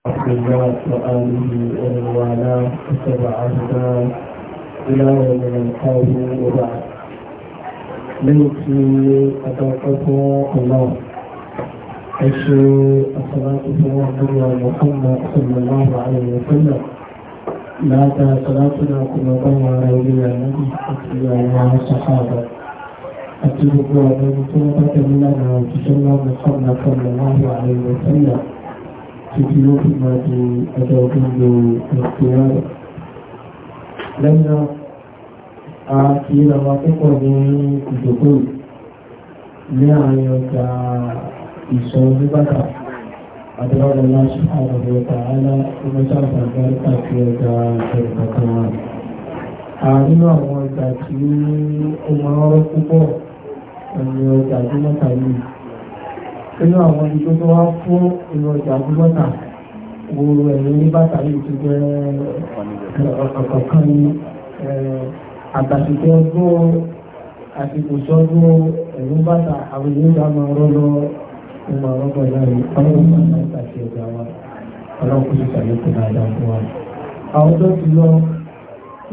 الصلاة وآله ومن والاه واتبع هداه إلى يوم نلقاه وبعد ليكفي أتوقف الله أشهد الصلاة والسلام على محمد صلى الله عليه وسلم لا صلاتنا كما بين رجل النبي أتي الله الصحابة أتي بقوة من الله وسلم títí ó fi máa di ọjọ́ ọdún lo ìpínlẹ̀ rẹ̀. lẹ́yìn náà a kì í lọ́wọ́ púpọ̀ ní ìdókò ní àárín ọjà ìṣọ́ oníbàtà àdúrà láti àwọn ọ̀tà alá ọmọdé àgbàgbà àti ọjà ìṣẹ̀kọ̀kan wa. àárín àwọn ọjà tí ó máa ń rọ́ púpọ̀ ẹni ọjà tí nínú àwọn ibi tó wá fún ìlú ọjà gbọ́dà gbòòrò ẹ̀yìn ní bàtà yìí ti jẹ́ ọ̀kọ̀ọ̀kan ní eh, àtàṣìṣẹ́ ọdún àsìkò sọ́dún ẹ̀yìn bàtà àwọn ìlú ìjà máa rọ́ lọ ìmọ̀ ọ̀rọ̀gbọ̀n láàrin ọlọ́run máa ń tàṣì ọjà wa ọlọ́run kò sì ṣàlékò dáadáa fún wa. àwọn tó ti lọ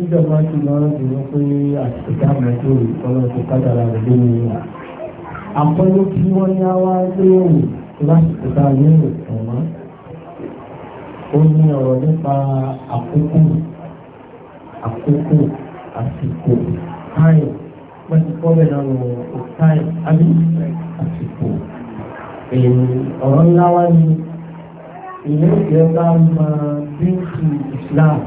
ìjọba ti lọ rẹ̀ dùn pé àsìkò dáàbò tó ọlọ́run ti kájára rẹ̀ lórí ìwà àkọ́lé tí wọ́n ní àwa léèrè lásìkò tá a léèrè ọ̀mọ́ ó ní ọ̀rọ̀ nípa àkókò àkókò àsìkò táyọ̀ wọ́n ti kọ́ bẹ́ẹ̀ lọ́rùn táyọ̀ àbí àsìkò ọ̀rọ̀ ńlá wá ní ìlú ìjọba máa bí ti Islam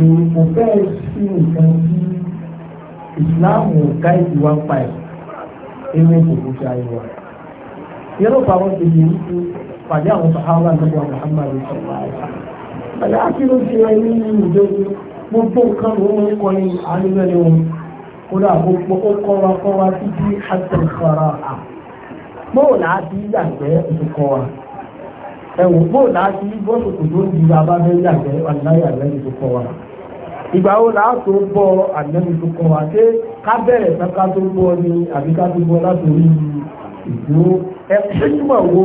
èyí kò fẹ́ẹ́ sí nǹkan tí Islam ò ká ìdíwá pa ẹ̀ ewé kòkó fi ayé wa yẹ́rọ pa àwọn tèmi yìí tó pàdé àwọn sàhábà nígbà Muhammadu sọ̀rọ̀ àyà kí ló ṣe ẹni nínú ìdókòwò gbogbo nǹkan ló ń kọ́ ní àníbẹ̀rẹ̀ wọn kódà gbogbo ó kọ́ wa kọ́ wa títí hasan fara à bóò láti yàgbẹ́ ìdókọ́ wa ẹ̀wọ̀n bóò láti bọ́sùkù tó ń di abáfẹ́ yàgbẹ́ wà láyà lẹ́yìn ìdókọ́ wa ìgbà wo la tó bọ́ àdánù tó kọ́ wa ṣé ká bẹ̀rẹ̀ ká tó bọ́ ni àbí ká tó bọ́ látòrí ìdúró ẹ ṣé túmọ̀ wo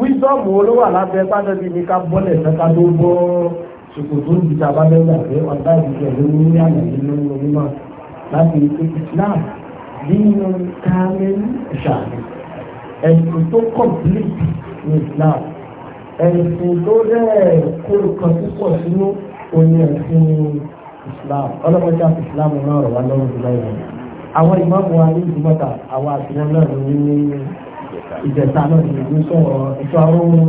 wíṣọ́ọ̀mù olówà lábẹ́ pátẹ́bí ni ká bọ́lẹ̀ ká tó bọ́ ṣòkòtò ìdíjà bá bẹ́ẹ̀ gbà pé ọ̀dà ìdíjà ló ní àyàfi lórí onímọ̀ láti ṣe Islam nínú kámẹ́lì ṣàlẹ̀ ẹ̀sìn tó kọ̀m̀pìlìtì ní Islam ẹ̀sìn tó rẹ̀ kó kan púpọ̀ sínú oní ẹ̀sìn islam ọlọ́mọdé islam náà rọ̀ wá lọ́rùn jùlọ ìwọ̀n àwọn ìmáàmù wa ní ìdúmọ̀tà àwọn àtìlẹ́ náà ló ní ìjẹta náà ní ìlú sọ̀rọ̀ ètò àwọn ohun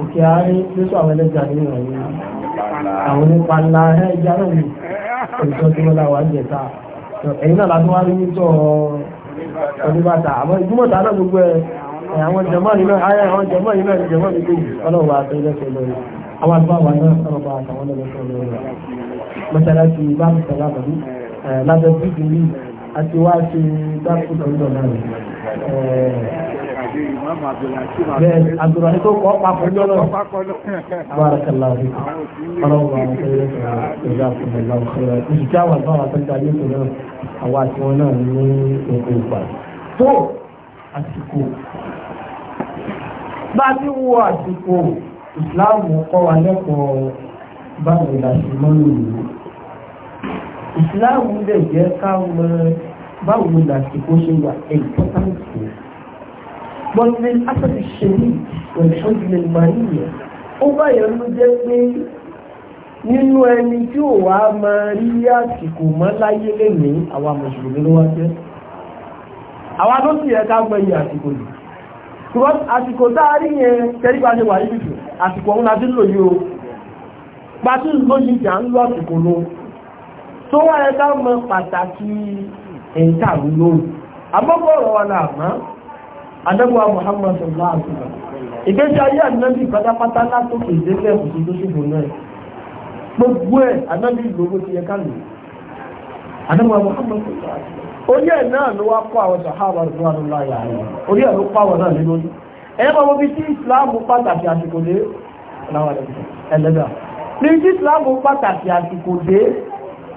òkè àárín àwọn ẹlẹ́jà ní ìrọ̀lẹ́ àwọn nípa ńlá náà ní ìjọ tí wọ́n náà látún wá náà gbogbo ẹ̀ àwọn jẹ̀mọ́ mọ́ṣáláṣí báàmù sọ̀rọ̀ àbọ̀dí lábẹ́ bíbí rí àti wá ṣe dákú lọ́dọ̀ náà rẹ̀. bẹ́ẹ̀ àdúrà tó kọ́ papọ̀ lọ́rọ̀ bárakàlá rí ọlọ́wọ́ àwọn ọ̀sẹ̀ yẹn ìjà fúnmi lọ́wọ́ ṣẹlẹ̀ ìṣìṣẹ́ àwọn àgbà wọn tẹ́lẹ̀ ayé tó náà àwọn àti wọn náà ní ètò ìgbà tó àsìkò bá ti wo àsìkò ìsìláàmù kọ́ wa lẹ́kọ̀ọ́ báwo la ṣe mọ́ lòlùú ìsìláàmù lè jẹ́ ká mọ báwo làsìkò ṣe wà ẹ̀ńtọ́tàǹtì bọ́lẹ̀ afẹ́fẹ́ ṣẹlẹ̀ ìṣọ́júlẹ̀ màníyà ó báyọ̀ ló jẹ́ pé nínú ẹni tí ò wá máa rí àsìkò mọ́ láyé lẹ́nìí àwa mùsùlùmí ló wá jẹ́ àwa tó sì yẹ ká gbẹ̀yìn àsìkò yìí ṣùgbọ́n àsìkò tá a rí yẹn tẹ́rípa ṣe wà níbi àsìkò ọ̀hún la ti lò yìí o pàtó lóyìn jà ń lọ àsìkò lọ tó wá ẹ ká mọ pàtàkì ẹ̀ǹkà lóru àbọ́bọ̀rọ̀ wa là mọ́ adẹ́gbà Muhammad sallallahu ìgbésí ayé ànábì pátápátá látòkè ìdẹ́gbẹ́ òṣèlú tó ṣòfò náà gbogbo ẹ̀ ànábì ti yẹ ká lò adẹ́gbà Muhammad orí ẹ̀ náà ló wá kó àwọn sàhábà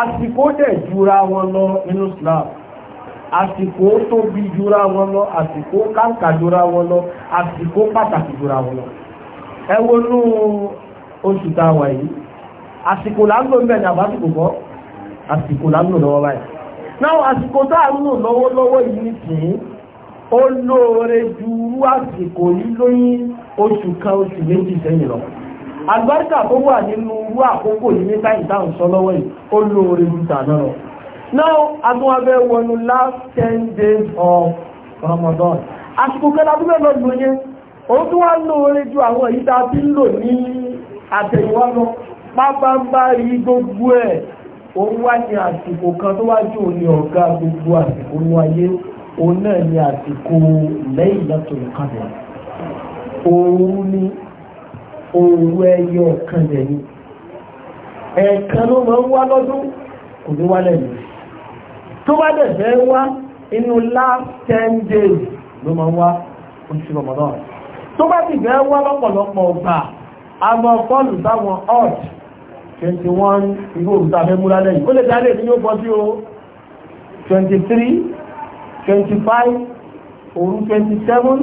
àsìkò dẹ̀ jura wọn lọ nínú Islam àsìkò tóbi jura wọn lọ àsìkò káńkà jura wọn lọ àsìkò pàtàkì jura wọn lọ ẹ wo nú oṣù tá a wà yìí àsìkò là ń lò mẹ́rin àbásìkò kọ́ àsìkò là lọ́wọ́ báyìí náà àsìkò tá a lọ́wọ́lọ́wọ́ yìí nìyí ó lóore àsìkò yìí lóyún oṣù kan oṣù méjì sẹ́yìn lọ àlùbáríkà tó wà nínú irú àkókò yìí ní táyì táwọn yìí ó lóore ju tàná lọ. now adúnwàbẹ̀ wọnú last ten days of Ramadan àsìkò kẹta tó bẹ́ẹ̀ lọ lò yẹn òun tó wà lóore ju àwọn èyí tá a ti ń lò ní àtẹ̀yìnwá lọ pápánbá rí gbogbo ẹ̀ òun wá ní àsìkò kan tó wájú òní ọ̀gá gbogbo àsìkò ní ayé òun náà ní àsìkò lẹ́yìn lọ́tọ̀ọ̀kan òun ni òru ẹyọ kan lẹ́yìn ẹ̀ẹ̀kan ló máa ń wá lọ́dún kò ní wá lẹ́yìn tó bá dẹ̀ fẹ́ wá inú last ten days ló máa ń wá oṣù Ramadan tó bá sì fẹ́ wá lọ́pọ̀lọpọ̀ ọgbà àmọ́ fọ́ọ̀lù sáwọn ọ̀t 21 ìgbò òrùta fẹ́ múra lẹ́yìn ó lè dá lè ní ó bọ́ sí o 23 25 òru 27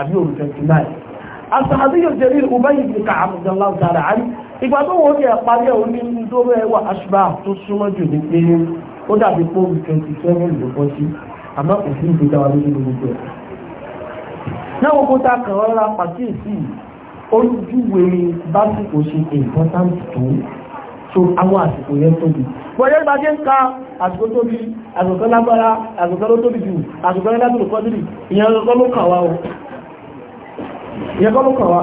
àbí òru 29 asahabiyo jẹ̀rí Ubay ibn Ka'ab radiyallahu ta'ala anhu ìgbà tó wọ́n yẹ parí ẹ̀wọ̀n ní nítorí ẹwà aṣùgbà tó súnmọ́ jù ní pé ó dàbí pọ́ọ̀lù twenty seven ló bọ́ sí àmọ́ kò sí ìgbé dáwà lórí gbogbo ẹ̀. náà wọ́n kó tá a kàn rárá pàkíyèsí olùjúwe básìkò ṣe important tó so àwọn àsìkò yẹn tóbi. bọ́dé gba ṣe ń ka àsìkò tóbi àsìkò lágbára àsìkò ló tóbi jù àsìkò lẹ́dàbí ló kọ́ ìyẹn kọ́ ló kàn wá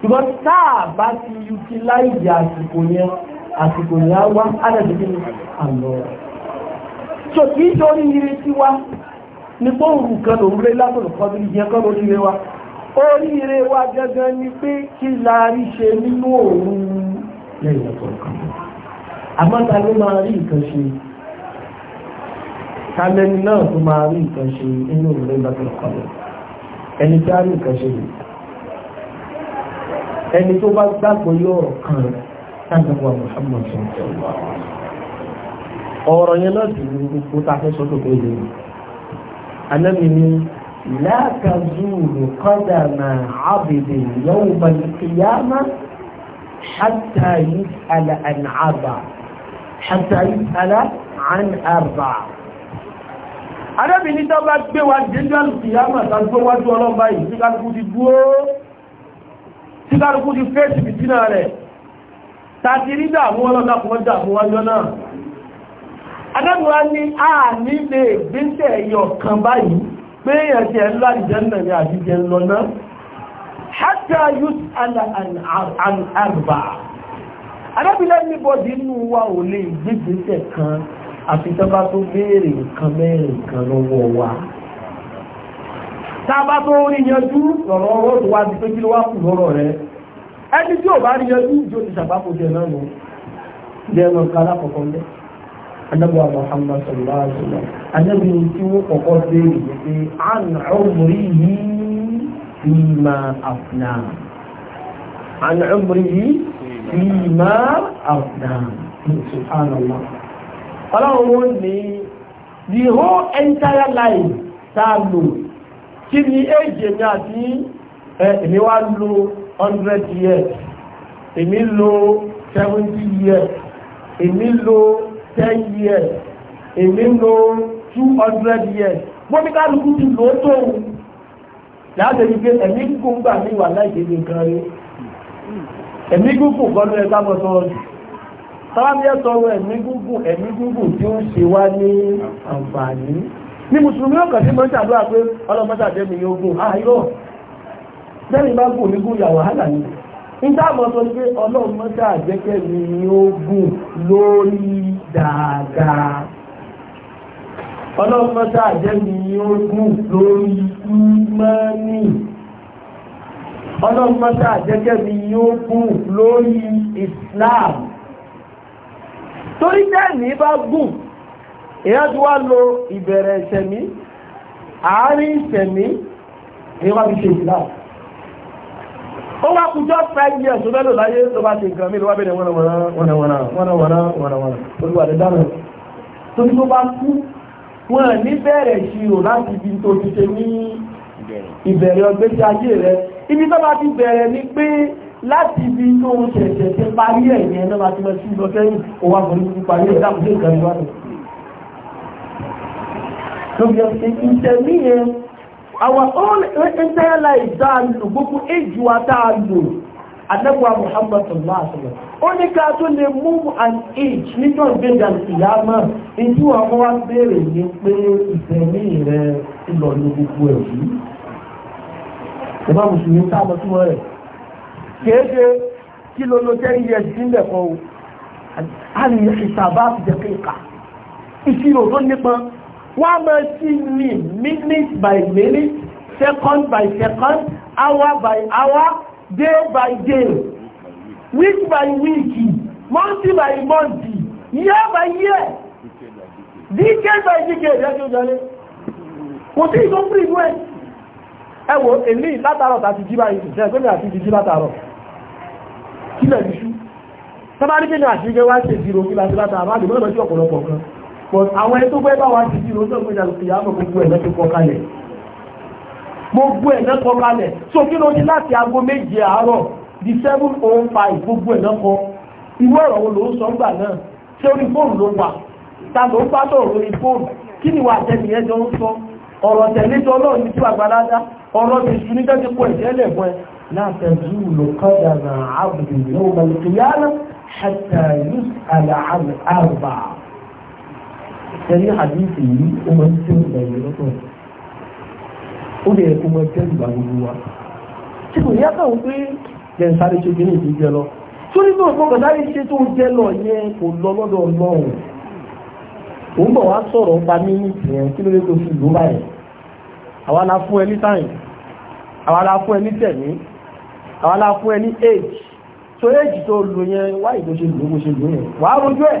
ṣùgbọ́n táà bá ti utilize àsìkò yẹn àsìkò yẹn á wá alẹ́dẹ̀dẹ̀ ní àlọ́ so kì í sórí ire sí wa ní pọ́ùrù kan lòún rẹ látọ̀lọ̀ kọ́bí ìyẹn kọ́ lórí ire wa oríire wa gẹ́gẹ́ ni pé kí la rí ṣe nínú òun lẹ́yìn ọ̀tọ̀ kan àmọ́ ta ló máa rí nǹkan ṣe kálẹ́ni náà tó máa rí nǹkan ṣe nínú òun lẹ́yìn ọ̀tọ̀ kan ẹni tí a rí nǹkan ṣe ẹni tó bá gbàgbọ́ yóò kàn rẹ̀ sáàdọ̀wà Muhammad sọ̀rọ̀ ọ̀rọ̀ yẹn náà dùn ní gbogbo tá a fẹ́ sọ́tò tó lè rí anábì ni láàkàzúrù kọ́dà máa ábìdì yóò bá ní kìyàmá hátà yìí àlà àná àbà hátà yìí àlà àná àbà anábì ni tó bá gbé wa dédé àlùkìyàmá tá a gbé wájú ọlọ́ba yìí kí kálukú ti dúró tí kálukú ti fèsì fìtínà rẹ̀ tàbí rí dààmú ọlọ́dà kọ́ dààmú wájọ́ náà adẹ́gbùwá ní a nílé ìgbésẹ̀ ẹ̀yọ̀ kan báyìí pé èèyàn ti ẹ̀ ńlá ìjẹ́nà ní àjíjẹ ńlọ náà hátà yus ala an arba tábà tó rí yanjú lọ̀rọ̀ ọ̀rọ̀ tó wá di pé kí ló wá kù lọ́rọ̀ rẹ̀ ẹni tí ò bá rí yanjú ìjọ ti ṣàpapọ̀ náà nù jẹ ẹnu ọ̀ka alákọ̀ọ́kọ́ lẹ́ the whole entire life tá a kí ni éjì èmi àti èmi wá lo 100 years èmi lo 70 years èmi lo 10 years èmi lo 200 years gbómi kálukú ti lò ó tóun láti rí pé ẹ̀mí gùn gbà ní wà láì ṣe nǹkan rí ẹ̀mí gúgùn gọ́nú ẹ̀ká mọ́tọ́ ọdún tọ́wọ́ bí ẹ̀ tọrọ ẹ̀mí gúgùn ẹ̀mí gúgùn tí ó ń ṣe wá ní àǹfààní ní mùsùlùmí ọkà sí mọ́ ṣàdúrà pé ọlọ́mọ́sà jẹ́mi ní ogun àìrọ̀ ah, jẹ́mi bá gùn ní gùn yà wàhálà ní ìdáàmọ́ sọ pé ọlọ́mọ́sà jẹ́kẹ́ mi ní ogun lórí dáadáa ọlọ́mọ́sà jẹ́mi ní ogun lórí ìmánì ọlọ́mọ́sà jẹ́kẹ́ mi ní Islam torí jẹ́mi bá gùn èyàn ti wá lo ìbẹ̀rẹ̀ ìṣẹ̀mí àárín ìṣẹ̀mí èyàn wá fi ṣe ìlà ó wá kújọ́ five years tó bẹ́ẹ̀ lò láyé tó bá ṣe nǹkan mi ló wá bẹ̀rẹ̀ wọ́nàwọ́nà wọ́nàwọ́nà wọ́nàwọ́nà wọ́nàwọ́nà olùwàdé dáná torí tó bá kú wọn ní bẹ̀rẹ̀ ìṣirò láti ibi ni pé láti ibi tó ń ṣẹ̀ṣẹ̀ ti parí ẹ̀yẹn náà ló fi ọ̀sẹ̀ ìtẹ̀mí yẹn our own entire life tá a lò gbogbo èjì wa tá a lò àdẹ́gbà Muhammad sallallahu alaihi wasallam ó ní ká tó lè move an age nítorí ìgbéga ìyáàmà ìjú àwọn wá béèrè ní pé ìtẹ̀mí rẹ ìlọ ní gbogbo ẹ̀ yìí ìbá mùsùlùmí tá a lọ túmọ̀ rẹ̀ kéde kí ló ló jẹ́ iye ìdílé kan o a lè ṣe ìṣàbá àti jẹ́ kéka ìṣirò wọ́n máa sí ní minute by minute second by second hour by hour day by day week by week month by month year by year decade by decade ẹjọ́ jọlé kò sí ìtọ́pù ìlú ẹ̀ ẹwọ èlé látàrọ̀ tàbí jíbá ìṣẹ́ ẹgbẹ́mẹ̀ àti ìjíjí látàrọ̀ kílẹ̀ ìṣú tọ́bá ní kí ni àṣírí wá ṣe ìṣirò kí láti látàrọ̀ àbájúmọ́ ọ̀pọ̀lọpọ̀ kan but àwọn ẹni tó fẹ́ bá wa ti di ìrọ́jọ́ ìpínlẹ̀ ìyàmọ̀ gbogbo ẹ̀ lẹ́tọ́ kọ gbogbo ẹ̀ lẹ́tọ́ kalẹ̀ so kí ló ní láti aago méje àárọ̀ di seven oh five gbogbo ẹ̀ lẹ́kọ́ irú ọ̀rọ̀ wo ló ń sọ ńgbà náà ṣé orí fóònù ló wà ta ló ń bá lọ́rọ̀ orí fóònù kí ni wà tẹ́lẹ̀ yẹn jọ ń sọ ọ̀rọ̀ tẹ̀lé jọ náà ní tí àgbàládá ọ̀rọ̀ ti sùn ní tẹ́lẹ̀ pọ̀ ìtẹ́lẹ̀ pọ̀ ẹ̀ láti ẹ̀dú lò náà àbùdù yóò bẹ̀rẹ̀ kìyàrá ṣẹ̀tẹ̀ yóò àlà ẹni àdìsí yìí ó máa ń tẹ́ ìgbà yìí lọ́tọ̀ ó lè kó máa tẹ́ ìgbà gbogbo wa tí kò ní àtàwọn pé jẹun sáré ṣe kí ní ìdí jẹ lọ sórí tó nǹkan kọ̀dá yìí ṣe tó jẹ lọ yẹn kò lọ lọ́dọ̀ ọlọ́run òun bọ̀ wá sọ̀rọ̀ pa ní ìtìyẹn kí ló lè tó fi ìlú báyìí àwa la fún ẹ táyìn àwa la fún ẹ tẹ̀mí àwa la fún ẹ ní age so tó lò yẹn wáyé tó ṣe lò ó ṣe lò yẹn wàá rojú ẹ̀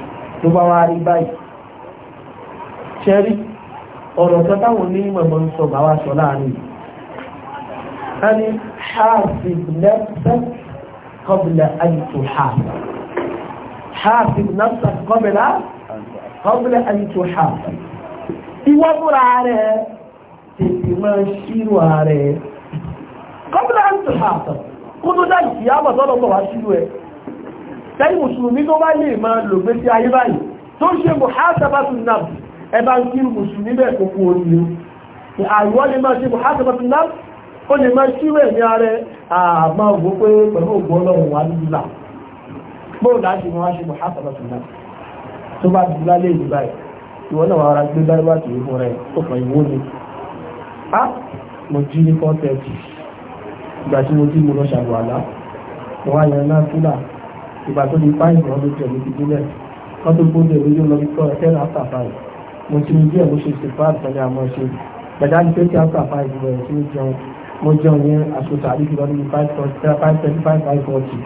tó bá wá rí báyìí ṣẹ́rí ọ̀rọ̀ kan táwọn onímọ̀ mọ́ ń sọ bá wá sọ láàrin a ní haasib nafsa qabla an tuhasab haasib nafsa qabla qabla an tuhasab ìwọ múra kó tó dá ìyá àbàtọ́ lọ́gbọ̀ ẹ̀ tẹ́lì mùsùlùmí tó bá lè máa lò gbé sí ayé báyìí tó ṣe mùsùlùmí ni àìwọ́ lè máa ṣe muhasabatu nafs ó lè máa ṣírò ẹ̀mí ara àmọ́ ògbó pé pẹ̀lú ògbó ọlọ́run wà ní ìlà bóò láti wọn á ṣe muhasabatu nafs tó bá ti lálé ìlú báyìí ìwọ náà wàá gbé báyìí wá tìí fún rẹ mo jí ní kọ́ńtẹ́ẹ̀tì ìgbà tí mo jí mo lọ ṣàlùwàlá mo wá náà fúlà ìgbà tó di fáìlì wọn ló jẹ ní ti délẹ̀ wọn tó gbóde ìwé yóò lọ bí tọ́ ẹ̀tẹ́ láfà fáìlì mo ti ní díẹ̀ mo ṣe ìsìnkú àtẹ̀lẹ́ àmọ́ ṣe gbẹ̀dá ní pé kí áfà fáìlì bẹ̀rẹ̀ sí ní jẹun mo jẹun ní àṣòṣà àdìsí lọ níbi five thirty five five forty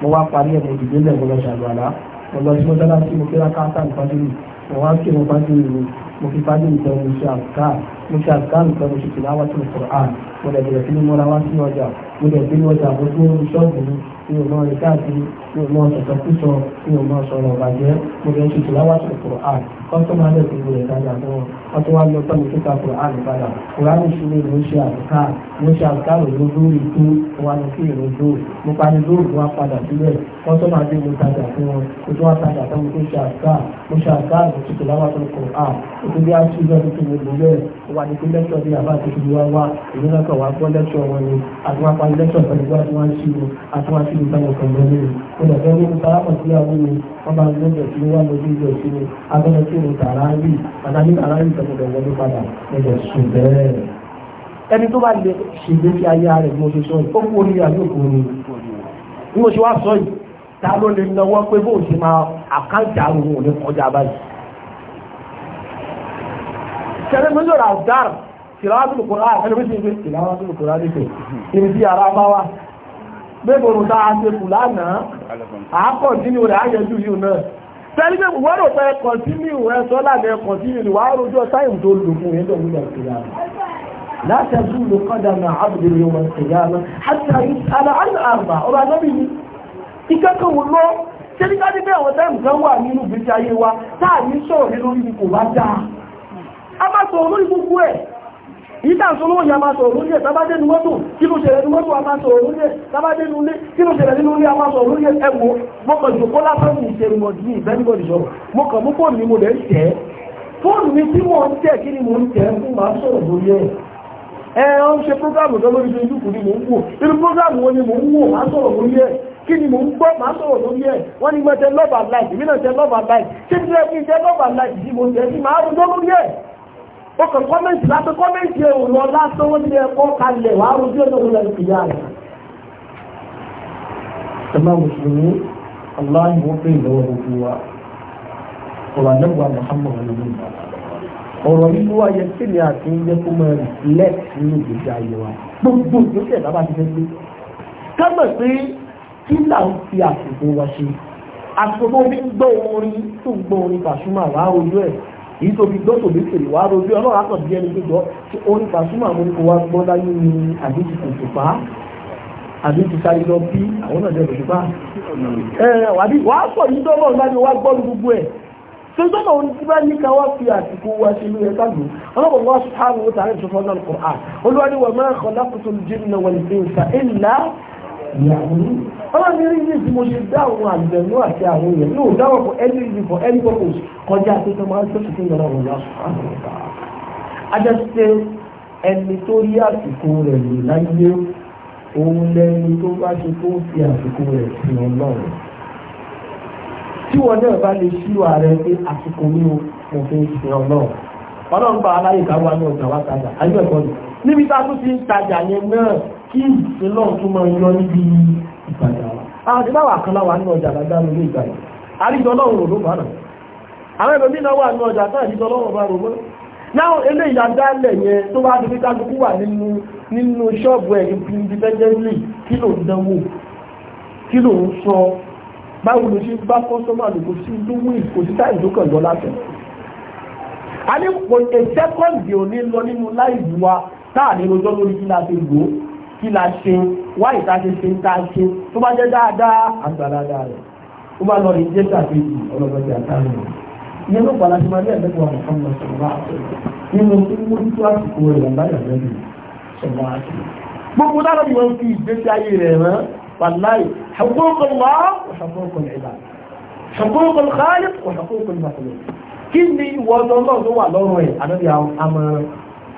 mo wá parí ẹ̀ mo dìde lẹ̀ mo lọ ṣàlùwàlá mo lọ sí mọ́ṣáláṣí mo kéra káńtà ìfájúrì mo wá kí mo fájúrì mi mo fi fájúrì tẹ mo ṣe àkàrà mo ṣe àkàrà nìkan mo ṣe tìlá wá sí ìfọ̀rọ̀ à mo lẹ̀ bẹ̀rẹ̀ sí ní mọ́ra wá sí ọjà ilẹ̀ tí wọ́n jà gbogbo ṣọ́ọ̀bù mi ò mọ ìka àti mi ò mọ ṣọ̀tọ̀kúsọ mi ò ọ̀bàjẹ́ mo lọ ṣe tìláwà sí Qur'an kọ́tọ́mà lè fi gbogbo ìdájà fún wọn wọ́n tó wá lọ pẹ̀lú kíkà Qur'an padà Qur'an ìṣúlẹ̀ ló ṣe àbùká ló ṣe àbùká òru lórí tó wà ní kí èrò dó mo parí lóòrù wá padà sílẹ̀ kọ́tọ́mà lè mo tajà fún wọn mo tó wá tajà fún mi tó ṣe àbùká mo ṣe àbùká àbùkù ṣe tìláwà sí Qur'an mo tó bí a ṣe ìjọ tuntun mi lò lẹ́ẹ̀ wà ní kí lẹ́kọ̀ọ́ bí àbá àti ilẹ́tọ̀ pẹ̀lú àtúwáṣí àtúwáṣí ìbáwọ̀ pẹ̀lú ní olùdó ní ìfarapọ̀ sí àwọn ohun ọba ìlẹ́jọ̀ tí ó wà lójú ìjọ sí ni abẹ́rẹ́ tí ó tààrà rí àdáni tààrà rí ìtọ́jọ́ wọlé padà ẹ̀jẹ̀ sùn bẹ́ẹ̀. ẹni tó bá lè ṣègbè sí ayé rẹ̀ bí mo ṣe sọ yìí ó kú orí àbí òkú orí bí mo ṣe wá sọ yìí ta ló lè náwó pé bóun ṣe máa àkáǹtì àrùn òun ò ní kọjá báyìí. ṣẹlẹ̀ mi lọ́ra ọ̀daràn kìláwàtúlù kòrán ẹlòmísì ń gbé kìláwàtúlù kòrán ara bá wá gbégbòrò tá a ṣe lánàá àákọ̀ rẹ̀ ayẹjú yìí náà tẹ́lẹ̀ wọ́n rò pé kọ̀ntínú wà ìtàṣọ́lọ́wọ́ ya máa sọ̀rọ̀ lórí ẹ̀ tàbádé kí ni mo ń gbọ́ máa sọ̀rọ̀ lórí ẹ̀ wọ́n ní mo tẹ love and life tẹ love and life ṣé ti rẹ̀ kí n mo tẹ̀ sí máa rojọ́ lórí ẹ̀ ó kàn kọ́mẹ́ǹtì láti kọ́mẹ́ǹtì òun lọ lásán wọ́n ti ẹ̀kọ́ kalẹ̀ wàá rojú ọ̀nà òun lẹ́nu ìyá rẹ̀. ẹ̀ma mùsùlùmí aláàbò pé ìlọ́wọ́ gbogbo wa ọ̀rọ̀ àdẹ́gbà Muhammad ọ̀nàmí ọ̀rọ̀ yìí wá yẹ kí ni àti ń jẹ́ kó máa reflect nínú ìgbésí ayé wa gbogbo ìgbésí ẹ̀dá bá ti fẹ́ gbé. kámọ̀ pé kí là ń fi àsìkò wa ṣe àsìkò tó fi èyí tó fi gbọ́tò lè fèrè wá rojú ọlọ́run àtọ̀ bí ẹni gbẹgbọ́ tí orí pàṣúmọ̀ àwọn oníkó wa gbọ́ láyé ni àdéjì kò tó pa àdéjì sáré lọ bí àwọn náà dẹ̀rẹ̀ nípa. ẹ wàbí wàá pọ̀ yìí dọ́gbọ̀n láti wá gbọ́ gbogbo ẹ̀ tó dọ́gbọ̀n òun ti bá ní ká wá fi àsìkò wa ṣe lóye káàdùn ọlọ́run wá sùn àwọn tààrẹ̀ ìṣòfò náà kọ̀ ọlọ́run rí ní ìdí mo ṣe ẹni tó rí àsìkò rẹ̀ lò láyé òun lẹni tó bá ṣe tó ń fi àsìkò rẹ̀ sí ọlọ́run tí wọn náà bá lè ṣírò ààrẹ pé àsìkò mi ò fi ń sin ọlọ́run ọlọ́run bá aláyè ká ní ọjà wá ayé ẹ̀kọ́ a tún kí ìsìnlọ́run tó máa yọ níbi ìgbàjà wa dị kan láwà nínú ọjà lórí àríjọ ọlọ́run náà àwọn ẹgbẹ̀mí náà wà nínú ọjà náà àríjọ ọlọ́run bá rògbọ́n náà ilé ìyàgbálẹ̀ yẹn tó bá ti wà nínú ṣọ́ọ̀bù ẹ̀ independently kí ló ń dánwò kí ló ń sọ báwo ló ṣe bá kọ́sọ́mà sí lówó ní kí la ṣe wá ìta ṣe ṣe ta ṣe tó bá jẹ́ dáadáa àgbàlagbà rẹ̀ tó bá lọ rí jẹ́ ṣàkejì ọlọ́gbọ́dẹ àtàrí rẹ̀ ìyẹn ló gbàlá ti máa ní ẹ̀mẹ́ta wà fún ọmọ sọ̀rọ̀ nínú tí mo ní tó àsìkò rẹ̀ wà báyà lẹ́nu sọ̀rọ̀ àti. gbogbo dára ni wọ́n fi ìgbésí ayé rẹ̀ rán wàláì ṣàkóso wà ṣàkóso ìlà ṣàkóso kálí ṣàkóso ìlà kí ni ìwọ ọdún náà tó wà lọ́rùn ẹ̀ àdọ́bí àmọ́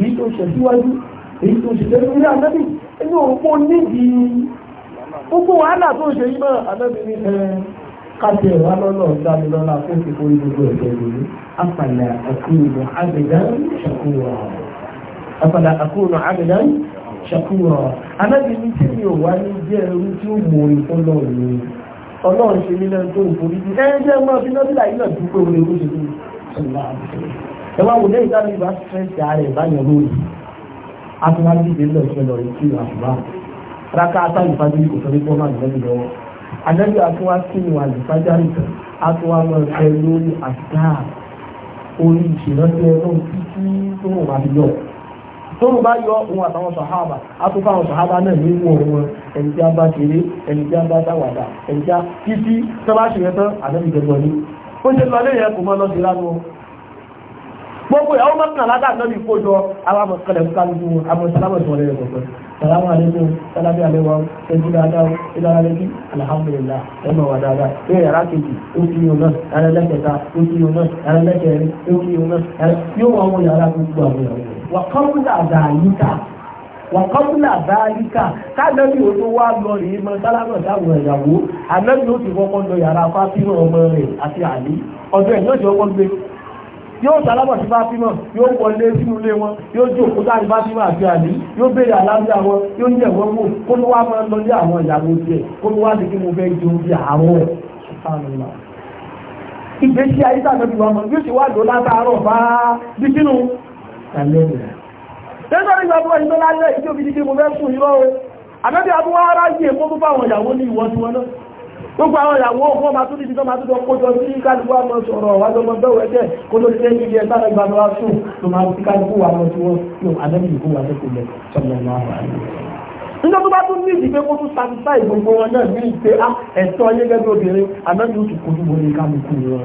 èyí tó ṣẹ̀ síwájú èyí tó ṣẹ̀ lẹ́nu ilé ànábì inú òpó nídìí gbogbo wàhálà tó ṣe yí náà ànábì ní ẹ káṣí ẹ̀rọ alọ́lọ́ dámi lọ́la fún ìfò gbogbo ẹ̀jẹ̀ ìlú afàlà àkúrò àbẹ̀dán ṣàkúrò afàlà àkúrò àbẹ̀dán ṣàkúrò ànábì ní tí mi ò wá ní jẹ́ ẹrú tí ó mú orin fún lọ́ọ̀rùn ọlọ́run ṣe nílẹ̀ tó ń forí bí ẹ jẹ́ máa fi náà ẹ wá wò lẹ́yìn tá a lè bá fẹ́ ṣe ààrẹ ìbáyọ̀ lórí afúnájú ìdílé ọ̀ṣẹ́ lọ rí kí àṣùbá rákà àtàlù fájúlì kò sọ́dé fọ́ọ̀mù àdìlẹ́bí lọ́wọ́ adájọ́ akínwá sínú àlùfájárì akínwá mọ̀ ẹ lórí àṣìká orí ìṣèrántí ẹlọ́run títí tó wọ́n bá yọ tó wọ́n bá yọ òun àtàwọn sàhábà àtúkọ̀ àwọn sàhábà náà ní wọ́n wọn ẹni tí a bá ṣeré ẹni tí a bá ṣàwàdà ẹni tí a títí tó bá ṣe yẹn tán àdébìtẹ́gbọ̀n ni ó ṣe lọ lẹ́yìn ẹkùn mọ́ lọ́sẹ̀ lánàá gbogbo ìyàwó mọ́kànlá lága àtọ́bí ìkójọ àwọn amọ̀sílẹ̀ kálukú àwọn sálámọ̀sọ̀ rẹ̀ kọ̀ọ̀kan sàlámù àlékún sálábí àléwà ẹjú dáadáa ìdára lẹ́kí alhamdulillah ẹmọ wà dáadáa ẹ yàrá kejì ó fi yóò náà yàrá lẹ́kẹta ó fi yóò náà yàrá ó fi yóò náà yóò àwọn yàrá gbogbo àwọn yàrá wà kọ́kúlà dáadáa tó wá lọ rèé mọ sálámọ̀ sáwọn ìyàwó ànábì ó ti kọ́kọ́ lọ yàrá fáfíhàn ọmọ rẹ̀ àti àlè ọdún ẹ̀ yóò ti kọ́kọ́ gbé yóò sálábọ̀ sí fátímọ̀ yóò wọlé sínú ilé wọn yóò jó òkúta ní fátímọ̀ àti àlè yóò béèrè àlàáfíà wọn yóò yẹ̀ wọ́n wò kó ló wá máa lọ ní àwọn ìyàwó tiẹ̀ kó ló wá di kí mo fẹ́ jẹ oúnjẹ àárọ̀ ìgbésí ayé tàbí ọmọ yóò ti wá dò látàárọ̀ bá bí sínú ẹ̀lẹ́ rẹ̀ tẹ́sán nígbà tó wáyé tó lálẹ́ ìjọ́ fi dídí mo fẹ́ sùn irọ́ o àbẹ́bí abúwárá yìí èkó tó fáwọn ìyàwó ní ìwọ́n tí wọn náà gbogbo àwọn ìyàwó ọkọ̀ máa tún níbi tó máa tún lọ kójọ sí kálukú àmọ́ sọ̀rọ̀ wájú ọmọ bẹ́ẹ̀ wẹ́jẹ́ kó ló ṣe níbi ẹ̀ta ẹgbà lọ́wọ́ sùn ló máa fi kálukú wà lọ sí wọn ní àdẹ́bí ìkó wà tó kulẹ̀ sọ̀rọ̀ máa wà ní. nígbà tó bá tún ní ìdí pé kó tún satisfy gbogbo wọn náà ní ìpè á ah, ẹ̀tọ́ ayé gẹ́gẹ́ obìnrin àdẹ́bí ó ti kojú wọlé kálukú wọn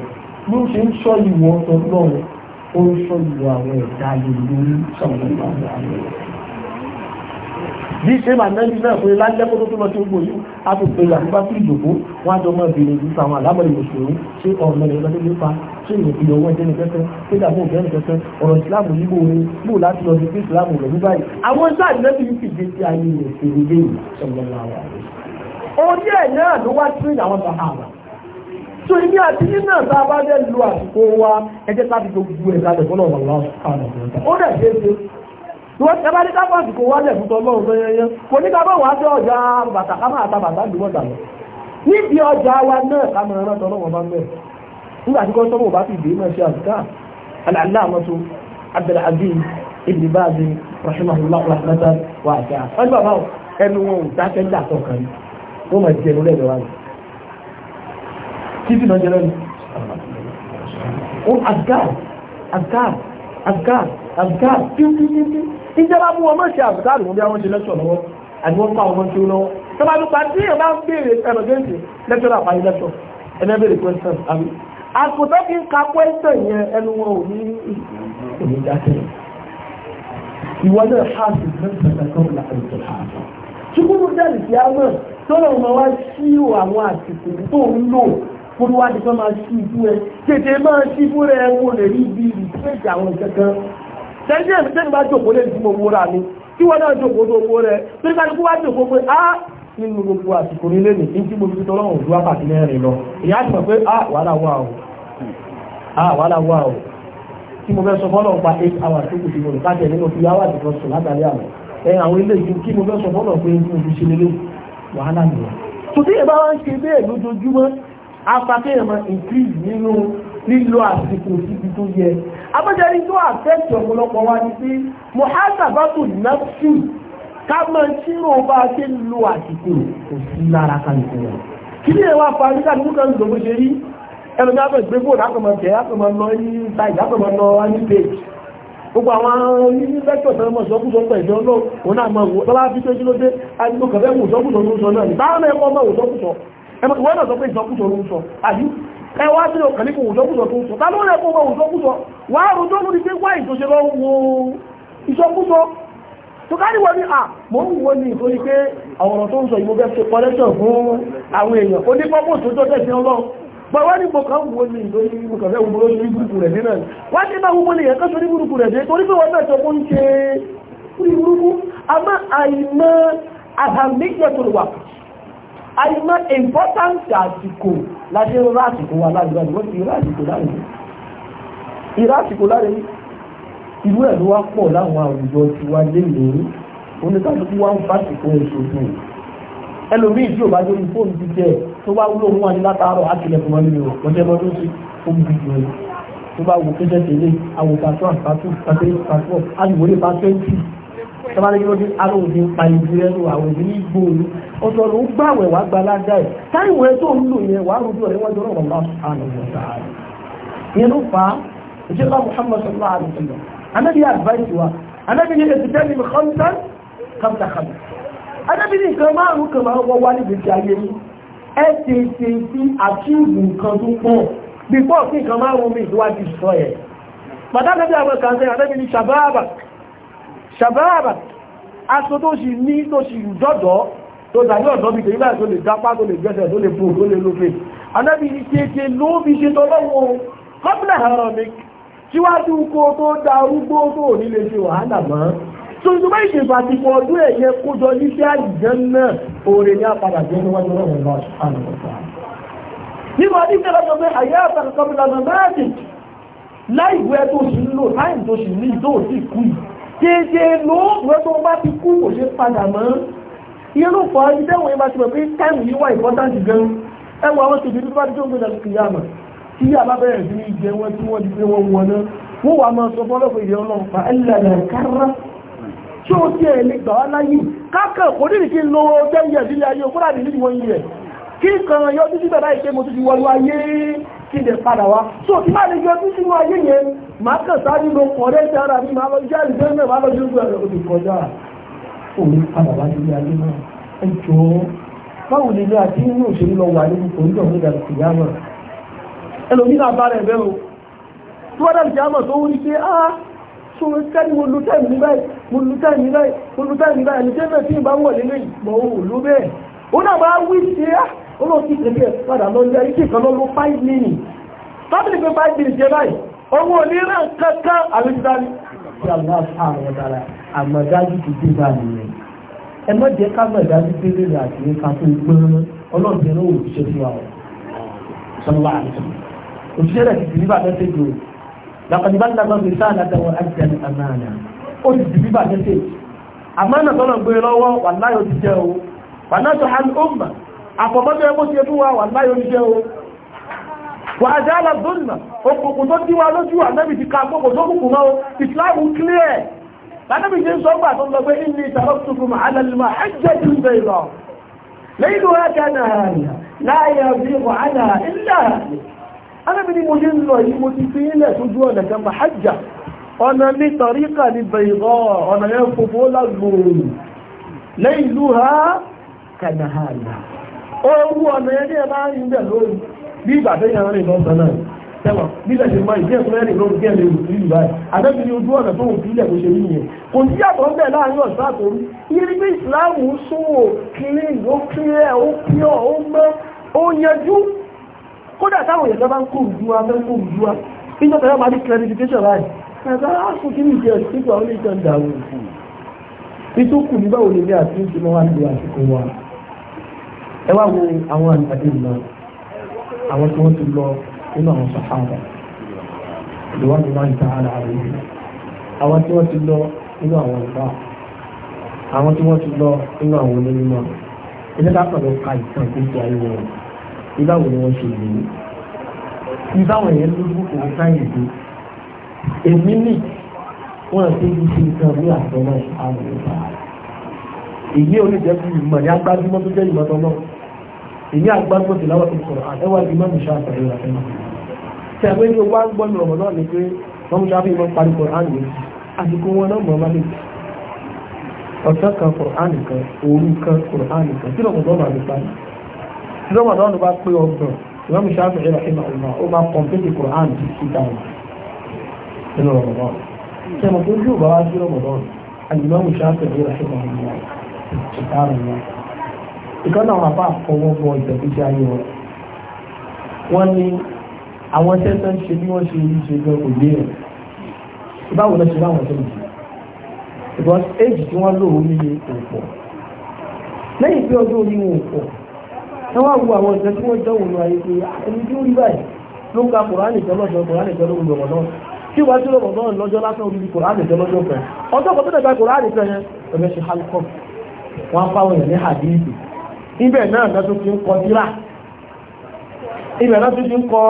ló ṣe ń bí ṣe máa náà nígbà pé lálẹ́ kó tó tó lọ sí gbogbo yìí a tó pe àdúgbà sí ìdòbó wọn á jọ máa bèrè nípa àwọn àlámọ̀lẹ̀ mùsùlùmí ṣé ọ̀nà ìlọsí nípa ṣé ìròbí ọwọ́ ẹ̀jẹ̀ nìkẹ́kẹ́ ṣé ìdààmú òfin nìkẹ́kẹ́ ọ̀rọ̀ ìsìláàmù yìí bò ní bò láti lọ sí pé rẹ̀ ní báyìí àwọn sáà wọ́n tẹ́bá ní kápọ̀sì kò wọ́lẹ̀ fún tọ́lọ́run tó yẹnyẹ kò ní kápọ̀ wá sí ọjà bàtà kámà àtàbàtà ìdúgbọ́ta lọ níbi ọjà wa náà kámà ẹran tọ́lọ́wọ́n bá mẹ́rin nígbà tí kọ́sọ́mù bá fi dé náà ṣe àzùká aláàmọ́tò abdulhabeeb ibn baz rahimahullah rahmatan wa àṣà wọ́n bàbá ẹnu wọn ò dákẹ́ ń dàtọ̀ kan wọ́n máa jẹun lẹ́nu wa ni títí náà jẹun lẹ́nu azkar azkar azkar azkar ìjọba mú ọmọ ṣe àbùkárù wọn bí àwọn ṣe lẹ́ṣọ̀ lọ́wọ́ àti wọ́n pa ọmọ tí ó lọ́wọ́ tó bá nípa tí èèyàn bá ń béèrè ẹ̀rọ géèjì lẹ́ṣọ̀ náà parí lẹ́ṣọ̀ ẹ̀mẹ́ béèrè question àbí àkùtọ́ kí n ka question yẹn ẹnu wọn ò ní ìwé jáde ìwọ ṣáàṣì ṣùgbọ́n jáde sí àmọ́ tẹ́jú èmi tẹ́jú bá jòkó lè dúmọ̀ owó rà ní kí wọ́n náà jòkó tó owó rẹ̀ torí ká nípa jòkó pé á nínú gbogbo àsìkò nílé ní ní tí mo fi tọ́lọ́ òdu wákàtí mẹ́rin lọ ìyá ti mọ̀ pé á wàhálà wà o á wàhálà wà o tí mo fẹ́ sọ fọ́lọ̀ pa eight hours tó kù sí mo lò kájẹ nínú fi hours kan sùn látàrí àwọn ẹ àwọn ilé yìí kí mo fẹ́ sọ fọ́lọ̀ pé mo fi ṣe lélẹ̀ wàhálà nìyẹn. tòtí ìbára ń ṣe bẹ́ẹ̀ lójoojúmọ́ afakẹ́yẹ̀mọ́ increase nínú lílo àsìkò síbi tó yẹ abẹ́jẹ́rí tó àfẹ́ẹ̀tì ọ̀pọ̀lọpọ̀ wa ni pé muhasabatu nafsi ká mọ ṣírò bá ṣe ń lo àsìkò kò sí lára kálukú wọn kí ni ẹwà fa nígbà tí wọ́n lò bó ṣe rí ẹnu ní abẹ́ ìgbé bóòlù àkọ́mọ tẹ̀ àkọ́mọ lọ ní ṣáìdì àkọ́mọ lọ ní page gbogbo àwọn onílẹ́tọ̀ sọ mọ̀ sọ́kúsọ pẹ̀lú ọlọ́ òun náà mọ̀ wò tọ́lá ẹ wá sí ọkàn ní kò wùsọ́kùsọ tó ń sọ ta ló rẹ̀ kó wọ wùsọ́kùsọ wà á rojọ́ lórí pé wá ìtòṣe lọ wo ìṣọ́kùsọ tó kárí wọ́n ní à mọ́ ń wọ́n ní ìtorí pé ọ̀rọ̀ tó ń sọ ìmọ̀bẹ́ ṣe pọ́lẹ́ṣọ̀ fún àwọn èèyàn ó ní pọ́pọ̀ tó jọ́ tẹ̀sí ọlọ́run bọ́ wọ́n ní mọ̀kàn wọ́n ní ìtorí mọ̀kànlẹ́ òmúrò ní burúkú rẹ̀ nínú wọ́n ní bá wọ́n ní ẹ̀kọ́ sórí burúkú rẹ̀ dé torí pé wọ́n náà tọ́kọ́ ń ṣe burúkú àmọ́ àìmọ́ àhàmígbẹ̀tòlùwà àìmọ́ important àsìkò láti rọrọ àsìkò wà láàrin àdìwọ́ ti rọ àsìkò láàrin ìrọ àsìkò láàrin ìlú ẹ̀ ló tó bá wúlò wọn ni látàárọ̀ àtìlẹ̀kùn mọ́ nínú ọjọ́ mọ́tò sí fóònù ti jẹ tó bá wù kéjẹ tẹ́lẹ̀ àwòkàtọ́ àpàtù àti pàtó àyùwọlé bá twenty tọ́bálẹ́ yóò dín aró òdí ń pa ìlú ẹnu àwọn òdí igbó òní ọ̀tọ̀ ló gbàwẹ̀ wá gba ládà ẹ̀ táìwọ̀ ẹ tó ń lò yẹn wàá rojú ọ̀rẹ́ wọn jọrọ̀ wọn lọ́sùn àwọn ọ̀tá rẹ̀ yẹn ló fà á ìjọba Muhammad sallallahu alaihi wa sallam anabi advice wa anabi ni èsì tẹ́lẹ̀ mi khamsan khamsa khamsa anabi ni nǹkan márùn-ún kan máa ń wá níbi tí ayé yìí ẹ tètè fi àtúbù nǹkan tó pọ̀ bí pọ́ọ̀kì nǹkan márùn-ún mi ìdíwájú sọ yẹn ṣàbáàbà aṣọ tó sì ní tó sì dọ́dọ̀ tó dàbí ọ̀dọ́ bí tèyí láti tó lè dápá tó lè gbẹ́sẹ̀ tó lè bùn tó lè lófin anábì ní kéèké ló fi ṣe tọ́lọ́wọ́ kọ́pìnà àrọ̀ mi síwájú kó tó da arúgbó tó ò ní lè ṣe wàhálà mọ́ tuntun bá ìṣèlú àti ìpọ̀ ọdún ẹ̀yẹ kójọ ní sí àìjẹ́ náà oore ní àpàdà jẹ́ níwájú ọlọ́run lọ àrùn ọ̀tá nígbà tí ìṣẹ́lẹ̀ sọ pé àyẹ́ àtàkọ́bìnrin lọ́nà mẹ́rin láìwẹ́ tó sì ń lò láì tó sì ní ìdóòtì kú yìí dédé lóògùn tó bá ti kú kò ṣe padà mọ́ iye ló fọ́ ibi tẹ́wọ̀n yẹn bá ti mọ̀ pé táìmù yìí wà important gan ẹwọ àwọn tòbí tó bá ti tó ń gbọdọ̀ kìí àmọ̀ tí àbá bẹ̀rẹ̀ sí ní ìjẹ wọn tí wọ́n di pé wọ́n wọná wọ́n wà máa sọ fọ́lọ́fọ́ ìdí ọlọ́run pa ẹlẹ́lẹ́ kárá tí ó ti ẹ̀ lè gbà wá láyé kákẹ́ kò ní kí n lo ọjọ́ sílé ayé okúrà nílùú wọn yẹ kí kan yọ títí bàbá ìṣe mo ti wọlú ayé kí lè padà wá so kí má lè yọjú sínú ayé yẹn máa kàn sáré ló kọ̀ọ̀rẹ́ ti ara mi máa lọ jẹ́ àlùjẹ́ náà máa lọ jẹ́ ojú ẹ̀rọ òdì kọjá òun padà wá nílé ayé náà ẹ jọ báwo lè lọ àti inú òṣèlú lọ wà nínú orílẹ̀ òun ìdàgbà ìyá náà ẹlòmíràn bá rẹ̀ o tí wọ́n dàbí jáàmọ̀ tó wọ́n ní pé á tó ń kẹ́ni mo lu táìmì ní báyìí mo lu táìmì ní báyìí mo lu táìmì ní báyìí ẹni tẹ́lẹ̀ tí ì bá wọ̀ lélẹ̀ ìgbọ̀ òun ló bẹ́ẹ̀ ó náà bá wí sí á olóòtú ìtẹ̀lé ẹ̀ padà lọ yá ike kan lọ́wọ́ five minutes tábìlì pé five minutes jẹ báyìí owó oníran kankan àlùdáni tí àwọn ọ̀dára àmọ̀dájú ti dé bá nìyẹn ká mọ̀dájú pé lè rà sí ká tó gbọ́n ọlọ́ọ̀dẹ náà òṣìṣẹ́ fún wa àìsàn òṣìṣẹ́ rẹ̀ ti di bíbá mẹ́sẹ̀ jù làkàtúbá ńlá náà fi sáà látà wọn àmàlà ó ti di bíbá mẹ́sẹ̀ àmàlà tọ́lọ̀ gbé lọ́wọ́ wàláyò àfọ̀mọ́tẹ́ ẹgbó ti ẹbú wa wà láyé oníṣẹ́ o wà á dáàlà zónìnà òkùnkùn tó tí wa lójú ànábì ti ka àkókò tó kùnkùn náà ìsìláàmù clear lánàbì ṣe ń sọ gbà tó ń lọ pé ní ìtàlọ́tùkùn àlàlùmọ̀ ẹjẹ́ tí ń bẹ ìlọ lẹ́yìn ọ̀nà ní tọ̀ríkà ní bẹ̀rọ̀ ọ̀nà yẹn fòfó lágbòòrò lẹ́yìn ló owó ọ̀nà ẹni ẹ bá bẹ̀ lórí bí ìgbà rìn lọ́sàn náà tẹ́wọ̀n nílẹ̀ ṣe mọ ìdí ẹ̀kúnrẹ́ rìn lórí díẹ̀ lórí ìlú báyìí àbẹ́bí ni ojú ọ̀nà tó ilẹ̀ ṣe nìyẹn kò sí àtọ̀ ń bẹ̀ kiri ó ó mọ́ ó yanjú kódà táwọn èèyàn bá ń kó wa kó wa nígbà tó yà máa ní clarification ẹ̀ka ẹ wá wo àwọn àgbàdo lọ àwọn tí wọ́n ti lọ nínú àwọn sàhábà ìwádìí máa ń ta ara rẹ̀ yìí àwọn tí wọ́n ti lọ nínú àwọn ìgbà àwọn tí wọ́n ti lọ nínú àwọn onímọ̀ ilé lápapọ̀ ka ìtàn gbogbo ayé wọn ìbáwo ni wọ́n ṣe lè ìbáwo yẹn lójú òun táyé dé èmi nì wọ́n àti ibi tí nǹkan ní àtọ́ náà àwọn ìgbà èyí oníjẹ́ fi ìmọ̀ ní agbájúmọ́ tó jẹ́ ìmọ̀ tọ́lọ́run èyí àgbàgbọ́ ti láwọn tó sọ̀rọ̀ àtẹ́wà ìmọ̀ ìṣá àtẹ̀lẹ́ ìrọ̀lẹ́ náà tí a gbé ní owó àgbọ́ ní ọmọ náà ni pé wọ́n mú sáfì ìmọ̀ parí Quran ní àsìkò wọn náà mọ̀ ọ́ lálẹ́ ọ̀sán kan Quran kan òru kan Quran kan tí lọ́mọdé wọn àti parí tí lọ́mọdé wọn bá pé ọgbọ̀n ìmọ̀ ìṣá àtẹ̀lẹ́ ìrọ̀lẹ́ ó máa kọ̀m̀pẹ́tì Quran síta nínú ọmọdé tí a mọ̀ pé bí ò ìkan náà wà bá fọwọ́ bọ ìtẹ̀kùjẹ́ ayé wọn wọ́n ní àwọn tẹ́tẹ́ ṣe bí wọ́n ṣe ṣe gan kò rẹ̀ báwo lọ ṣe láwọn tó lù because age tí wọ́n lò ó níye òpọ̀ lẹ́yìn pé ọdún orí wọn òpọ̀ ẹ wá wo àwọn ìtẹ́ tí wọ́n jẹ́ òun ayé pé ah, ẹni tí ó rí báyìí ló ń ka kùránì jẹ́ lọ́jọ́ kùránì jẹ́ lórí ọmọ náà tí wàá tí lọ́mọ náà lọ́jọ́ lásán orí kùránì jẹ́ lọ́jọ́ kan ọjọ́ kan tó dẹ̀ ka kùránì kan yẹn ẹ̀mẹ́ṣe hálùkọ́ wọn á fáwọn yẹn ní hadithi ibẹ̀ náà náà tó ti ń kọ tíra ibẹ̀ náà tó ti ń kọ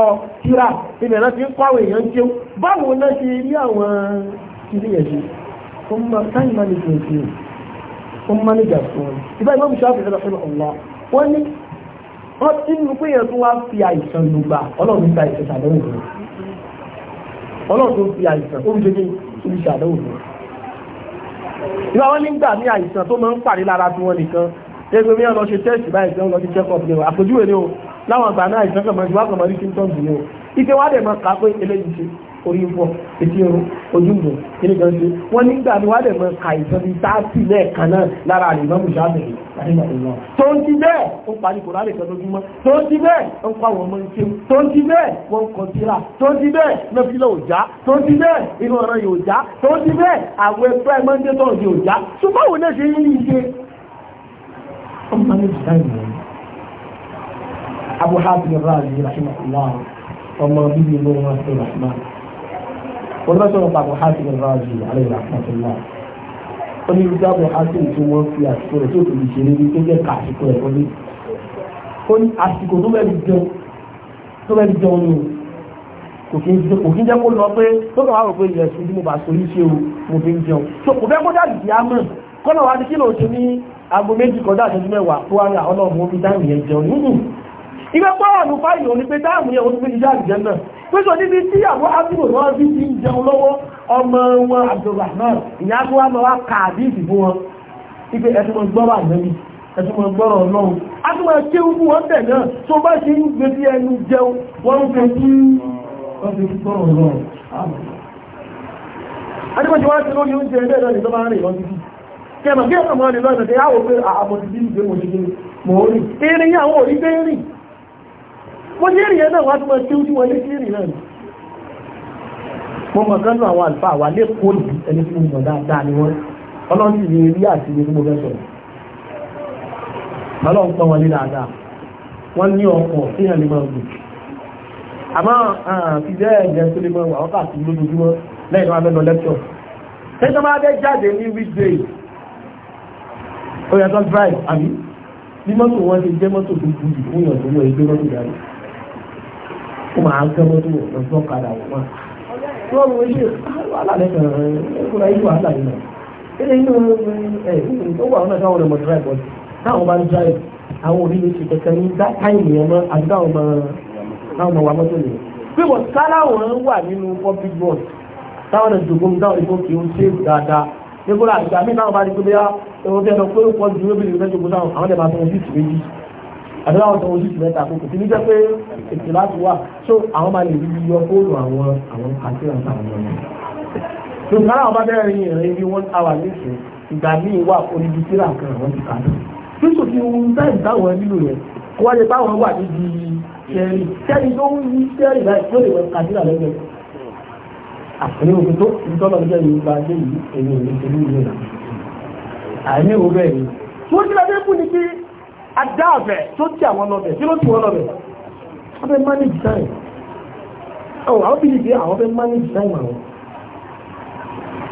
tíra ibẹ̀ náà ti ń kọ àwọn èèyàn tí báwo náà ṣe rí àwọn ilé ẹ̀ṣẹ́ time management ni wọ́n manager fún wọn ibẹ̀ ìmọ̀ ìṣọ́ àfihàn ọ̀sẹ̀ ọ̀la wọ́n ní wọ́n ti ń pè yẹn tó wá fi àìsàn lùgbà ọlọ́run ta ìṣẹ̀ṣà lọ́wọ́ rẹ̀ ọlọ́run tó fi àìsàn ó ń ṣe ní ìṣàlọ́wọ́ rẹ̀ ìgbà wọn nígbà ní àìsàn tó máa ń pàdé lára tí wọn nìkan ẹgbẹ́ mi ọ̀nà ṣe tẹ́sì báyìí tí wọ́n lọ sí check up ni o àpèjúwe ni o láwọn àgbà náà ìfẹ́ kàmọ́ ìwà kàmọ́ rí symptoms ni o ike wá dẹ̀ máa kà pé eléyìí ṣe orí ń bọ̀ etí irun ojú ń bọ̀ kíni kan ṣe wọ́n nígbà tí wá dẹ̀ máa kà ìtàn bíi táàtì lẹ́ẹ̀kan náà lára àlè mọ́mú ṣáàbẹ̀rẹ̀ tó ń ti bẹ́ẹ̀ ó parí kò láre kan lójúmọ́ tó ń ti bẹ́ẹ̀ ó ń kọ́ àwọn ọmọ ìṣe tó ń ti bẹ́ẹ̀ wọ́n ń kọ́ síra tó ń ti bẹ́ẹ̀ mẹ́fílẹ̀ òjá tó ń ti bẹ́ẹ̀ inú ọ̀ràn yóò já tó ń ti bẹ́ẹ̀ àwọn ẹgbẹ́ mọ́ndé tó ń di òjá ṣùgbọ́n wọ́n manage time rẹ̀ abu hafi razi rahimahullah ọmọ bíbí inú wọn sí rahman wọ́n bá sọ̀rọ̀ pa abu hafi razi alayhi rahmatullah ó ní ibi abu hafi tí wọ́n fi àsìkò rẹ̀ tó tóbi ṣe níbi tó jẹ́ ká àsìkò rẹ̀ wọlé ó ní àsìkò tó bẹ́ẹ̀ jẹun tó bẹ́ẹ̀ jẹun ni kò kí ń jẹ́ kó lọ pé tó kàn wá rò pé ìrẹsì tí mo bá sọ yìí ṣe o mo fi ń jẹun so kò fẹ́ kó dàbí ìyá mọ̀ kọ́nà wá ní kí lò tún ní aago méjì kọjá àṣẹjú mẹ́wàá tó wá ní àwọn ọmọ omi táìmù yẹn jẹun nínú ìgbẹ́ pọ́ọ̀nù fáìlì òní pé táìmù yẹn oṣù méjì jáde jẹun náà pé sọ níbi tí àwọn ábúrò náà bí ti ń jẹun lọ́wọ́ ọmọ wọn Abdulrahman ìyá tó wá mọ wá kà bí ìdìbò wọn ipe ẹtù mọ gbọ́rọ̀ àgbẹ̀mí ẹtù mọ gbọ́rọ̀ ọlọ́run a tún máa kéwú fún wọn bẹ̀ náà tó bá ṣe ń gbé bí ẹnu jẹun wọ́n fẹ́ kí wọ́n fi gbọ́rọ̀ ọlọ́run. adébọ̀jọ́ wá sí lórí oúnjẹ ẹgbẹ́ náà ní rìn lọ títí kẹmọ̀ bí ọmọ ọdún lọ́nà tí yáwó pé àmọ̀dìdì ìgbé mọ̀dìdì mọ̀ọ́rì irin yà wọ́n orígbé rìn wọ́n tí ìrìn náà wá tí wọ́n tí ó tí wọ́n lé sí ìrìn náà mo mọ̀ kánú àwọn àlùfáà wà lẹ́kọ̀ọ́ ìlú ẹni tí mo mọ̀ dáadáa ni wọ́n ọlọ́run sì ní rí àti ní mo fẹ́ sọ̀rọ̀ ọlọ́run pọ́n wọn ní dáadáa wọ́n ní ọkọ̀ sí hàn lè máa gùn àmọ́ fi bẹ́ẹ̀ jẹ́ tó lè máa wà ọ́kà sí lójoojúmọ́ lẹ́yìn tó máa fẹ́ lọ lẹ́kọ̀ọ́ ó yà tó drive àbí bí mọ́tò wọn ṣe jẹ́ mọ́tò tó gbùdì fún yàn tó lọ ẹgbẹ́ mọ́tò dání ó máa ń fẹ́ mọ́tò wọn lọ kadà wọn wá wọ́n mú ilé wàhálà lẹ́kàn ẹ̀kúra yìí wàhálà yìí náà ilé inú ẹ̀ ó wà wọn náà káwọn ọmọ drive bọ́ọ̀lù táwọn bá ń drive àwọn orílẹ̀ èdè kẹ̀kẹ́ ní táìmì yẹn mọ́ àti táwọn ọmọ táwọn ọmọ wa mọ́tò nìyẹn pé wọ́n sáláwọ̀n wà nínú public bus táwọn ẹ̀dùnkún táwọn ìfọ́kì ó ṣe dáadáa nígbà àgbà mí táwọn bá di pé ẹwọ́n fẹ́ lọ pé ó pọ̀ ju obìnrin mẹ́jọ gbọ́dọ̀ àwọn àwọn ẹ̀bà tó ń sì tù méjì àdúrà àwọn tó ń sì tù mẹ́ta kò kò sí ní jẹ́ pé ètò láti wà so àwọn máa lè rí yọ fóònù àwọn àwọn àti àwọn àwọn ọmọ ṣùgbọ́n àwọn bá bẹ̀rẹ̀ rin ìrìn bí wọ́n ta wà níṣẹ́ ìgbà míì wà oníbi síra kan àwọn ti kàdé títù ti ń bẹ́ẹ̀ tó ń yí ṣẹ́rí láì tó lè wọ àní òfin tó ìtọ́lọ̀ jẹ́ ìgbà dé yìí èmi ò ní ṣe ní ìlú náà àní òwú bẹ́ẹ̀ ni tó ti lábẹ́ fún ni pé adá ọ̀bẹ̀ tó ti àwọn lọ́bẹ̀ tí ló ti wọ́n lọ́bẹ̀ wọ́n fẹ́ manage time àwọn àwọn bí nìgbé àwọn fẹ́ manage time àwọn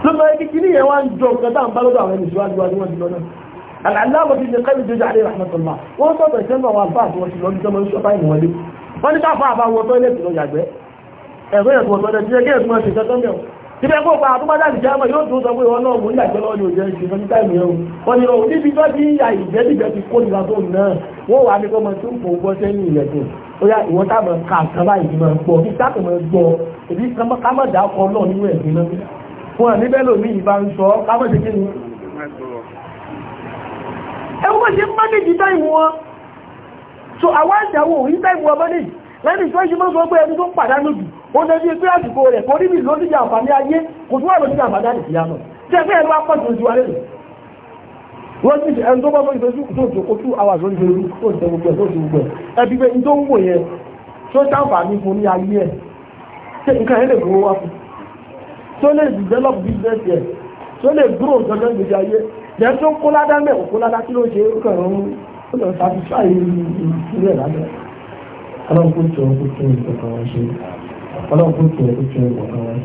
ló lọ ẹni kí ní yẹn wá ń jọ nǹkan tá à ń bá lọ́dọ̀ àwọn ènìyàn wájú wájú wọn ti lọ náà aláàbọ̀ ti ṣe kẹ́mi jọjọ àdéhùn àmọ́tọ̀lá wọ́n sọ̀tọ̀ ìṣẹ́ náà wọn àfáà tí wọ́n ti ẹ̀fẹ́ ẹ̀fọ́ ọ̀sọ̀dẹ̀ tí ẹgbẹ́ ẹ̀fọ́ ṣe tọ́tọ́ mẹ́ọ̀ tí bẹ́ẹ̀ kópa àtúbádà ìjà mọ̀ yóò tún sọ pé wọn náà mú ní àjọ lọ́wọ́ ní òjẹ́ ìṣẹ́ fún táìmù ẹ̀hún wọn ni òun níbi tó ti ń ya ìjẹ́dìjẹ́ ti kó nira tó náà wọ́n wà ní kọ́mọ tó ń fò gbọ́ sẹ́yìn ìyẹ̀dùn ó yá ìwọ́n táàmù ká nǹkan báyìí máa ń gbọ́ bí táàmù máa ń gbọ́ èbí kámọ̀dá kọ náà nínú ẹ̀sìn náà fún àní bẹ́ẹ̀ lómi ìbá ń sọ kámọ̀dé kí ni. ẹ wọ́n ṣe mánéjì táìmù wọn so àwọn àjàwò òyìn táìmù wọn mánéjì lẹ́yìn ìfẹ́ ṣe máa sọ pé ẹni tó pàdánù jù ó lè fi pé àsìkò rẹ̀ kó níbi ló ní àǹfààní ayé kò tún wà ló ní àǹfààní àdìsí yàtọ̀ tí ẹgbẹ́ ẹ̀rọ apọ̀ tó ju alẹ́ lò wọ́n ti ẹni tó bá lórí ìfẹ́sù tó tó kó tú àwọn àṣọ ìfẹ́sù tó ti gbogbo ẹ̀ tó ti gbogbo ẹ̀ ẹbí pé tó ń wò yẹn tó sáǹfààní fún ní ayé ẹ̀ tí nǹkan ẹ̀ lè gbowó wá fún tó lè develop business ẹ̀ tó lè grow gẹ́gẹ́ gbèsè ayé jẹ́ tó kó ládá mẹ́ òkú ládá kí ló ṣe é kàn án ó lọ satisfy ìrìn ìrìn ìrìn ẹ̀ lábẹ́ ọlọ́run kò tó ń kó tó ń kó tó ń ṣe ọlọ́run tó tẹ̀ ẹ́ tẹ̀ ẹ́ wọ̀n wọn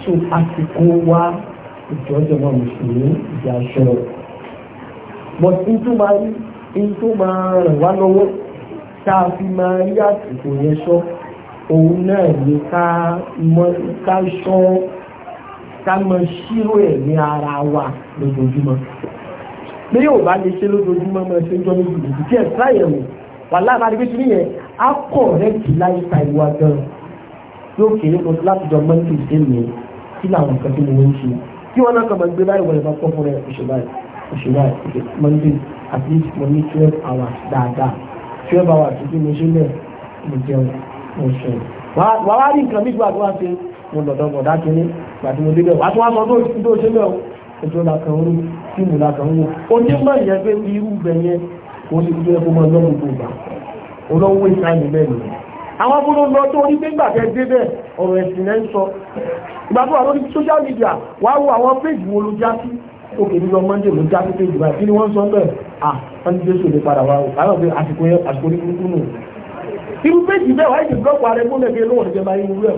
sí. so àsìkò wa ìjọ́jọ́ náà mùsùlùmí ìjà aṣọ rẹ̀. but n tó máa rí n tó máa rẹ̀ wá lọ́wọ́ tá a fi máa rí àsìkò yẹn sọ òun náà ni ká mọ ká sọ ká mọ ṣírò ẹ̀ ní ara wa lójoojúmọ́ bí yóò bá lè ṣe lójoojúmọ́ mọ́ ṣe ń jọ méjì díẹ̀ sáyẹ̀wò wà láàbá ni pé kí nìyẹn á kọ̀ rẹ́ẹ̀tì láìka ìwà gan-an yóò kéré mo láti jọ mọ́tò ìdè mi kí làwọn nǹkan tí mo ń ṣe kí wọ́n náà kàn máa gbé báyìí wọlé bá pọ̀ fún ẹ oṣù báyìí oṣù báyìí oṣù mọ́tò at least mo ní twelve hours dáadáa twelve hours tuntun mo ṣe lẹ̀ mo jẹun mo sọ wàá wá rí nǹkan bí gbàgbọ́ wá ṣe mo lọ̀dọ̀ bọ̀dá kínní gbàtí mo débẹ̀ wàá tún wá sọ tó ṣe lẹ́wọ̀ ètò làkàn ń rú fíìmù làkàn ń wò ó ní mọ̀ ìyẹn pé irú bẹ̀ yẹn kò àwọn búrú lọ tó orí pé gbàtẹ́ débẹ̀ ọ̀rọ̀ ẹ̀sìn náà ń sọ ìgbà tó wà lórí social media wá wo àwọn péjì wo ló já sí òkè nílọ monday ló já sí péjì báyìí kí ni wọ́n sọ ń bẹ̀ à wọ́n ti jésù lè padà wá o àwọn pé àsìkò yẹn àsìkò orí burúkú nù irú péjì bẹ́ẹ̀ wáyé ti blọ́ọ̀kù ààrẹ gbọ́dọ̀ kí lóhùn ìjọba irú rẹ̀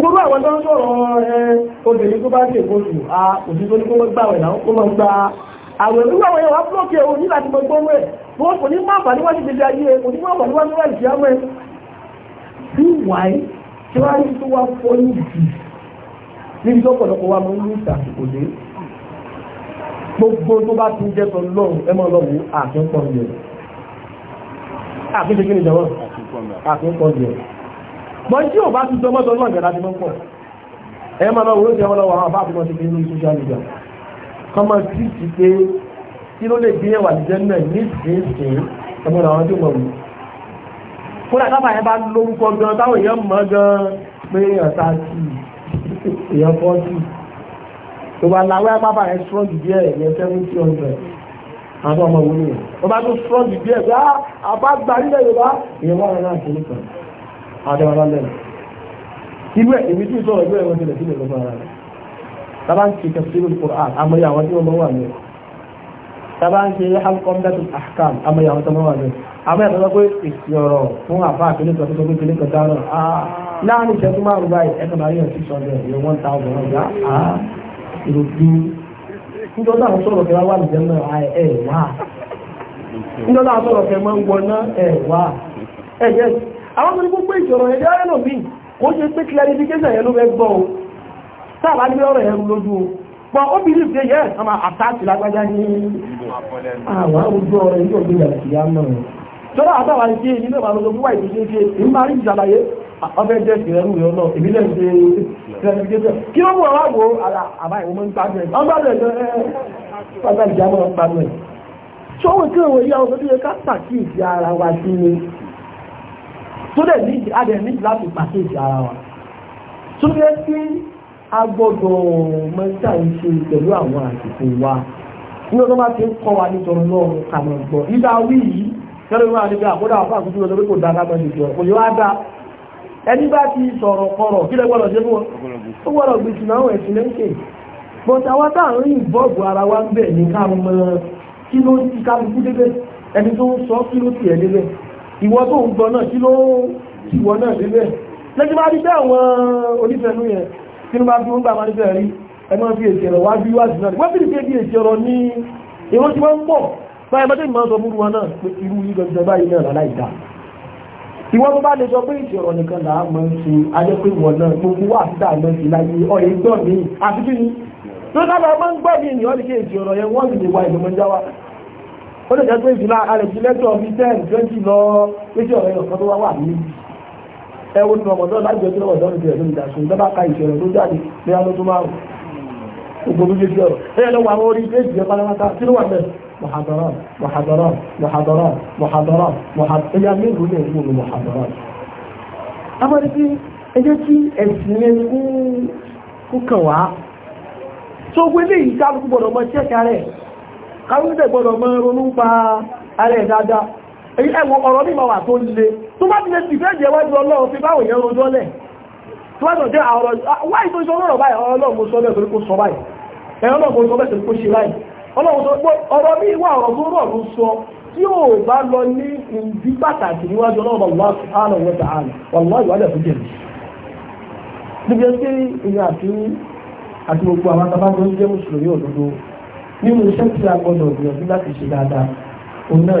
gbogbo àwọn tó ń sọ̀rọ̀ ẹ obìnrin tó bá dé ìkóṣù a òsì tó ní kó gbà wẹ̀ náà kó máa gba àwẹ̀ nígbà wọ̀nyẹ wá blọ́ọ̀kì ẹ̀ òní láti mọ gbọ́wẹ̀ wọ́n kò ní má bà níwájú gbèsè ayé kò ní má bà níwájú wà ìṣẹ́ àwẹ̀ meanwhile tí wọ́n á rí tó wá fọ́ ní jù níbi tó pọ̀lọpọ̀ wa máa ń lù ìsàkókò dé gbogbo tó bá ti jẹ́ sọ lọ́rùn ẹ máa lọ́wọ́ àtúntàn yẹn àtúntàn kí ni jọ̀wọ́ àtúntàn yẹn mọ tí ò bá ti jọ mọ́tò náà gẹ̀dá ti mọ́ pọ̀ ẹ máa lọ́wọ́ oúnjẹ wọn lọ́wọ́ àwọn bá àti mọ́ ti fi ní social media kọ́ máa ti ti pé kí ló lè gbé ẹwà ìjẹ́ náà ní ìsinsìnyí ọmọ àwọn tó mọ̀ wù kódà tábà yẹn bá lórúkọ gan táwọn èèyàn mọ̀ gan pé ọ̀tá sí èèyàn fọ́ọ̀tì tó bá láwẹ́ pápá yẹn strong díẹ̀ yẹn seventy hundred àwọn ọmọ òun nìyẹn tó bá tún strong díẹ̀ pé ah, àbá gba nílẹ̀ Yorùbá èèyàn wà lára àti nìkan àdéhùn lẹ́nu irú ẹ̀ èmi tí sọ̀rọ̀ ìlú ẹ̀wọ̀n tilẹ̀ sílẹ̀ lọ́gbọ́n ara rẹ̀ tábà ń ṣe tafsir al-Qur'an àmọ́yà àwọn tí wọ́n mọ́ wà ní àmọ́ ẹ̀sọ́ pé èsì fún àfa àkíní kan láàrin ìṣẹ́jú márùn báyìí six hundred yẹn one thousand ọ̀gá á èrò bí nítorí àwọn sọ̀rọ̀ kẹwàá wà lùjẹ́ náà na wá nítorí àwọn sọ̀rọ̀ kẹwàá máa ń wọná ẹ̀ wá ẹ̀ yẹ àwọn tó ní gbogbo ìṣòro ẹ̀dẹ́ ọ̀rẹ́ náà bí kò ṣe pé clarification yẹn ló fẹ́ gbọ́ o tọ́lá àtàwà ní kéèyàn nílẹ̀ wàá lọ́gbọ́n rí ìṣàlàyé ọfẹ́ ìrẹ́rù rẹ̀ náà èmi lẹ́nu kí ó mú ọwá wo àbá wọ́n ń gbádùn ẹ̀ ṣọ́wọ́ tí pẹ̀lú àwọn àsìkò wa ní ọdún bá ti ń kọ́ wa nítorí náà kà mọ̀ ìdáwí yìí kẹ́lẹ́ ìwọ̀n àti pé àkódà àwọn àkójú ọjọ́ pé kò dá lábẹ́ ní ìjọ kò yóò á dá ẹni bá but àwọn táwọn ìbọ̀bù ara wa ń bẹ̀ ní ká mọ kí ló ti kálukú débẹ̀ ẹni tó ń sọ kí ló ti ẹ̀ débẹ̀ ìwọ tó ń gbọ́ náà kí ló ti wọ náà débẹ̀ lẹ́tí bá rí pé àwọn onífẹ̀ẹ́nú yẹn kí ló bá fi ń gbà máa nífẹ̀ẹ́ rí ẹ máa báyìí mọ́tò ìmọ̀ sọ fún wọn náà pé irú yìí gbẹgbẹ báyìí náà lálá ìdá ìwọ tó bá lè sọ pé ìṣòro nìkan là á ń ṣe ajẹ́ náà gbogbo wà sí dáa sí láyé ọ̀yẹ́ gbọ́ mi àti kí ni tó sábà máa ń gbọ́ mi ni wọ́n ti ṣe ìṣòro yẹn wọ́n sì lè wa ìgbìmọ̀já wa ó lè jẹ́ pé ìṣúná alẹ́ ti lẹ́tọ̀ mi ten twenty lọ pé ìṣòro yẹn ọ̀kan tó wá wà ní ẹwọ́n ní ọmọdé láti ọjọ́ ọ̀dọ́ ní ìṣẹ̀lẹ̀ tó jáde محاضرات محاضرات محاضرات محاضرات محاضرات ẹ̀yà mélòó lè mú ní محاضرات. Abọ́dé bí ẹjẹ́ tí ẹ̀sìn yẹn kú kàn wá. Tó gbé lè yìí kálukú gbọ́dọ̀ mọ ṣẹ́ka rẹ̀. Kálukú gbọ́dọ̀ mọ ronú pa ara ẹ̀ dáadáa. Èyí ẹ̀wọ̀n ọ̀rọ̀ mi máa wà tó le. Tó bá ti lè sì fẹ́ẹ̀ jẹ́wájú Ọlọ́run fi báwọn èèyàn rojọ́ lẹ̀. Tó bá tọ̀jẹ́ àwọn ọ̀rọ̀ wáyé tó sọ lọ́rọ̀ báyìí ọlọ́run mo sọ bẹ́ẹ̀ torí kó sọ báyìí. Ẹ̀rọ náà mo sọ bẹ́ẹ̀ torí kó ṣe báyìí ọlọ́run sọ pé ọ̀rọ̀ bí ìwà ọ̀rọ̀ tó rọ̀ ló sọ tí ò bá lọ ní ìdí pàtàkì níwájú ọlọ́run ọ̀gbà ààrùn wọ́ta ààrùn wàlúwà ìwádìí ẹ̀fọ́ jẹ̀rì níbi ẹni pé ìyá àti àti gbogbo àwọn atabájọ ń jẹ́ mùsùlùmí òdodo nínú iṣẹ́ tí a gbọ́dọ̀ gbìyànjú láti ṣe dáadáa òun náà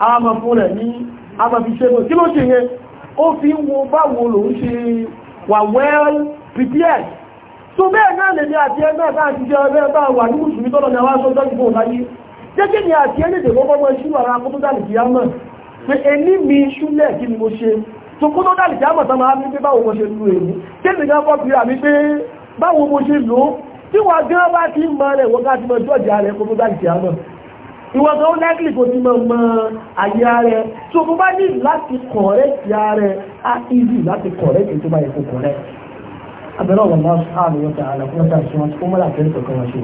àmà fún rẹ̀ ní àmàfiṣẹ́gbọ̀n kí ló ṣe yẹn ó fi ń wo báwo lòun ṣe wà well prepared so bẹ́ẹ̀ náà lè ní àti ẹgbẹ́ bá ti jẹ́ ọgbẹ́ bá wà ní mùsùlùmí tọ́lọ ní àwọn aṣọ ọjọ́ ìgbò láyé jẹ́kẹ́ ni àti ẹlẹ́dẹ̀ kọ́kọ́ mọ́ ṣú ara kótó dàlì kìí àmọ́ pé ẹni mi ṣúlẹ̀ kí ni mo ṣe tó kótó dàlì kìí àmọ́ tán máa ń pé báwo mo ṣe lu èyí kéèmì gan fọ́ fi àmì pé báwo mo ṣe lò ó tí wọ́n gan bá ti mọ rẹ̀ wọ́n ká ti mọ jọ́ọ̀jà rẹ̀ kótó dàlì kìí àmọ́ ìwọ tó lẹ́kìlì kò ti mọ̀ ayé ààrẹ tó bó bá ní láti kọ̀rẹ́tì ààrẹ á ìlú láti kọ̀rẹ́tì tó bá yẹ kó kọ̀rẹ́tì abẹ́rẹ́ ọ̀gbọ̀n náà sáàrùn yọta àlàkúnlọ́ta ìṣúná tí ó mọ́lá àtẹ́rẹ́ kọ̀ọ̀kan wá ṣe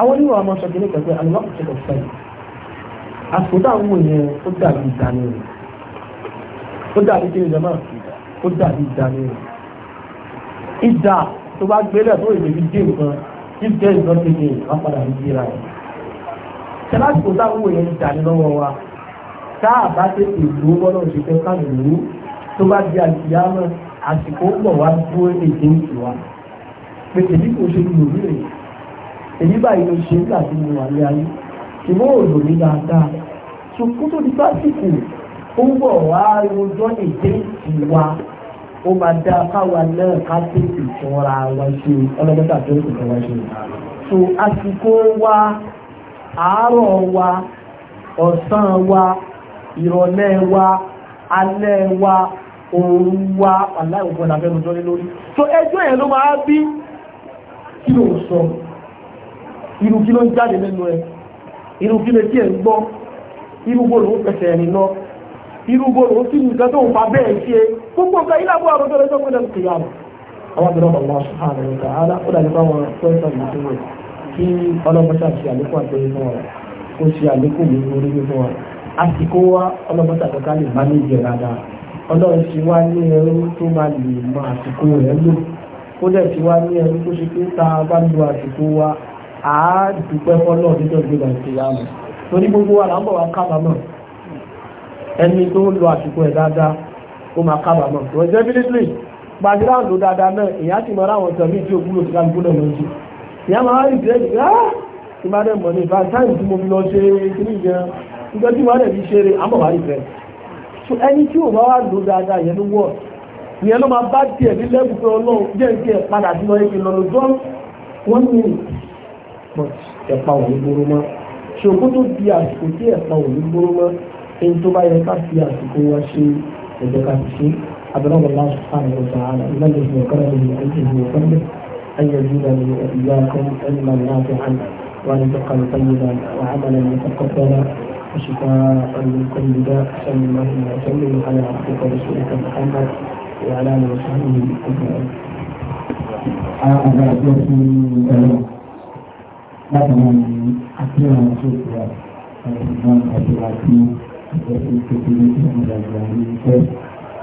àwọn oníwà ọmọ sọ kìíní pẹ̀pẹ́ alùpàpù tó kọ̀ fẹ́ àsìkò táwọn ohun èèyàn ó dàbí ìdáni rẹ̀ ó dàbí kí nìjọ náà ó dàbí ìdáni rẹ̀ ìdá tó bá gbélé tó ìdèbí dé nǹkan jíjẹ́ ìdọ́tẹ̀dẹ̀ wá padà ní ìdíra rẹ̀ tẹ́lásìkò táwọn èèyàn ti dàní lọ́wọ́ wa tá a bá tètè ìlú bọ́lọ̀ ṣe fẹ́ ká lòlú tó bá di àtìyámọ̀ àsìkò pọ̀ wá dúró èdè ìtì wa pé èyí kò ṣe lò ní rè èyí báyìí ló ṣe nígbà tí mo wà ní ayé ṣùgbọ́n òòlò mi dáadáa ṣùkú tó di pásìkò ó ń bọ̀ wá rojọ́ èdè ìtì wa ó máa dá káwa náà ká tètè fúnra wa ṣe ọlọ́dọ́ta tó ń tẹ̀sán wa ṣe. so àsìkò wa. àárọ̀ wa ọ̀sán wa ìrọ̀lẹ́ wa alẹ́ wa òru wa aláìwọ̀n làbẹ́nu so ẹjọ́ ẹ̀ ló máa bí kí ló sọ irú kí ló ń jáde lẹ́nu ẹ irú kí lè tí ẹ̀ ń gbọ́ irú bó lòún pẹ̀sẹ̀ ẹ̀rìn lọ irú bó sí tó ń fa bẹ́ẹ̀ ṣe gbogbo ọ̀gá àwọn wọn pẹ́sẹ̀ kí ọlọ́mọta ṣe àlékún àtẹ́rí fún wa kó ṣe àlékún mi orí fún wa àsìkò wa ọlọ́mọta kọ́ká lè má ní ìjẹ dáadáa ọlọ́run ṣe wá ní ẹrú tó máa lè mọ àsìkò rẹ̀ lò ó dẹ̀ ṣe wá ní ẹrú tó ṣe pé tá a bá lo àsìkò wa à á dúpẹ́ fọ́lọ́ nítorí gbé láti yá mi torí gbogbo wa là ń bọ̀ wá kábàámọ̀ ẹni tó ń lo àsìkò ẹ̀ dáadáa ó máa kábàámọ̀ rẹ̀ jẹ́ bílíṣìlì gbàdúrà lò dáadáa náà èyí á sì mọ ìyá máa rí ìgbẹ́ ìgbẹ́ tí máa dẹ̀ mọ̀ ní valentine tí mo fi lọ ṣe kíní gan nígbà tí máa dẹ̀ fi ṣe rè àmọ̀ wá rí ìgbẹ́ so ẹni tí ò bá wá lò dáadáa yẹn ló wọ̀ ìyẹn ló máa bá tiẹ̀ ní lẹ́bù pé ọlọ́run jẹ́ ìkẹ́ padà sí lọ́yẹ́ kí lọ lọ jọ́ wọ́n ní but ẹ̀pa òní gbóró mọ́ ṣòkó tó di àsìkò tí ẹ̀pa òní gbóró mọ́ ẹni tó bá yẹ ká fi àsìkò wa ṣe ẹ̀jẹ̀ ká fi ṣe abẹ́rẹ́ wọn lásán àwọn ọ̀sán àná ìlànà ìgbìmọ̀ kára ìgbìmọ̀ ìgbìmọ̀ أن يزيدني وإياكم علما نافعا ورزقا طيبا وعملا متقبلا وشفاء من كل داء صلى الله وسلم على عبدك ورسولك محمد وعلى آله وصحبه أجمعين. Thank you.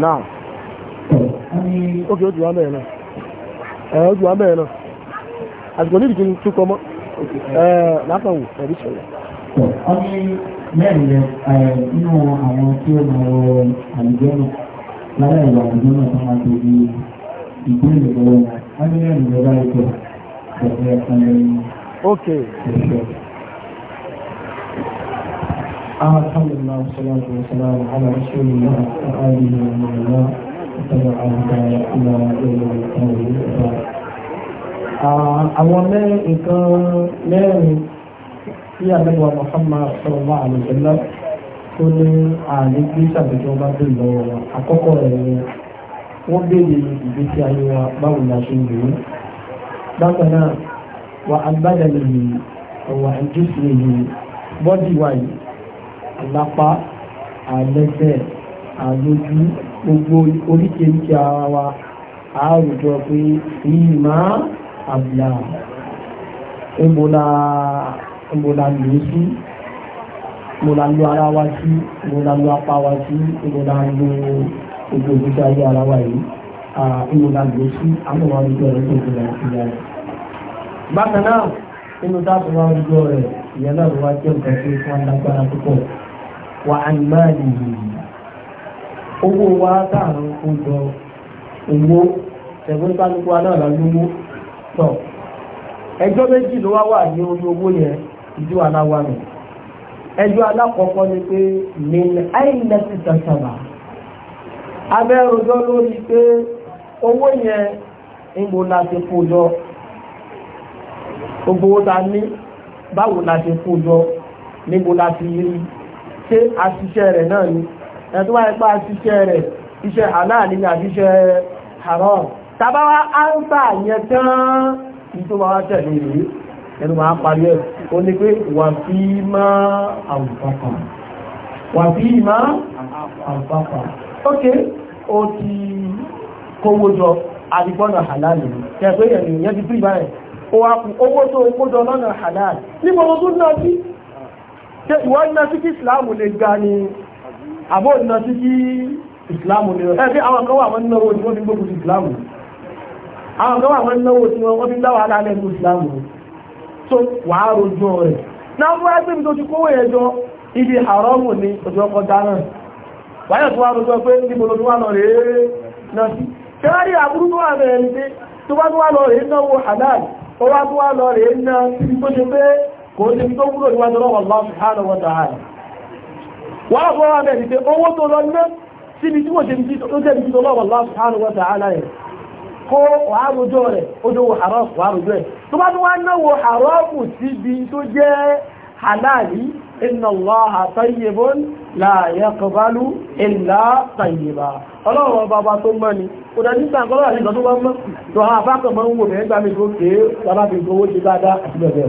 náà ókè ó jù wá mẹ́rin náà ẹ̀ ó jù wá mẹ́rin náà àsìkò nídìí kí n tún kọ mọ́ ẹ̀ lápá wò ẹ̀rí sọ̀rọ̀. ọ ní mẹ́rin yẹn nínú àwọn tí ó máa wọ àlùjọ́nù lára ìwà àlùjọ́nù tó máa tó di ìgbéyìí lọ́wọ́ wọn ní mẹ́rin yẹn báyìí tó bẹ̀rẹ̀ ẹ̀ka lẹ́yìn. ókè. الحمد لله والصلاة والسلام على رسول الله وآله ومن والاه وتبع إلى يوم القيامة àwọn nǹkan mẹ́rin tí àdẹ́gbà Muhammad sallallahu alaihi wasallam tó ní ààrẹ gbé sàbẹ̀jọ́ bá dé lọ́wọ́ wa àkọ́kọ́ rẹ̀ ni wọ́n béèrè ìgbésí ayé wa báwo la ṣe ń lò ó bákan náà wà á gbádẹ́ lè wà á jésù lè bọ́dì wa alápá alẹ́sẹ̀ alójú gbogbo oríkèéríkèé ara wa àrùjọ pé ìmá àbìlà ìmọ̀lá lò sí ìmọ̀lá lò ara wa sí ìmọ̀lá lò apá wa sí ìmọ̀lá lò gbogbo ìgbésí ayé ara wa yìí ìmọ̀lá lò sí àwọn àrùjọ rẹ̀ tó gbogbo ìgbésí ayé. bákan náà inú táàbù wa ń jọ rẹ̀ ìyẹn náà ló wá jẹ́ nǹkan tí wọ́n lágbára púpọ̀ wà ànìmáàlì yìí owó wa táàrùn kójọ owó tẹ̀gbọ́n kálukú wa náà lọ lówó tọ̀ ẹjọ́ méjì ló wá wà ní orí owó yẹn ìjú aláwa nù ẹjọ́ alákọ̀ọ́kọ́ ni pé min àìlẹ́sì tàṣàbà abẹ́rùjọ́ lórí pé owó yẹn níbo la ti kó jọ gbogbo ta ní báwo la ti kó jọ níbo la ti rí i ṣé àṣìṣe rẹ̀ náà ni ẹ̀ tó wáyé pa àṣìṣe rẹ̀ iṣẹ́ aláàlì àṣìṣe haram tàbá wá áńsà yẹn tán ní tó máa tẹ̀lé rèé ẹnu máa parí ẹ̀ ó ní pé wà fí má àwùfàkà wà fí má àwùfàkà ok ó ti kówó jọ àdìgbọ́nà halal tẹ̀ pé ẹ̀yìn yẹn ti tú ìbáyẹ̀ owó tó kó jọ lọ́nà halal ní gbogbo tó náà ṣe ìwọ iná sí kí ìsìláàmù lè ga ni àbó iná sí kí ìsìláàmù lè rẹ̀ bí àwọn kan wà wọ́n náwó tí wọ́n fi gbógun ìsìláàmù àwọn kan wà wọ́n náwó tí wọ́n fi ń dá wàhálà lẹ́nu ìsìláàmù tó wàá rojọ́ rẹ̀ náà fún ẹgbẹ́ mi tó ti kówó yẹn jọ ibi àrọ́mù ni ọjọ́ kọjá náà wáyọ̀ tó wá rojọ́ pé níbo ló wà lọ rèé náà sí kẹ́rẹ́rì àbúrú tó wà lọ rèé náà wo halal tó wà lọ rèé náà kò ní tó wúlò níwájú lọ́wọ́ Allah subhanahu wa ta'ala wọ́n á fọwọ́ abẹ́ ìpè owó tó lọ ná síbi tí wọ́n ṣe ti tó jẹ́ ibi tó lọ́wọ́ Allah subhanahu wa ta'ala yẹn kó wàá rojọ́ rẹ̀ ó dówó haram wàá àti ìgbà bá mọ́ tó ha afákọ̀ mọ́ ń wò mẹ́gbàmí tó kéé bàbá fi gbowó ṣe dáadáa àti bẹ́ẹ̀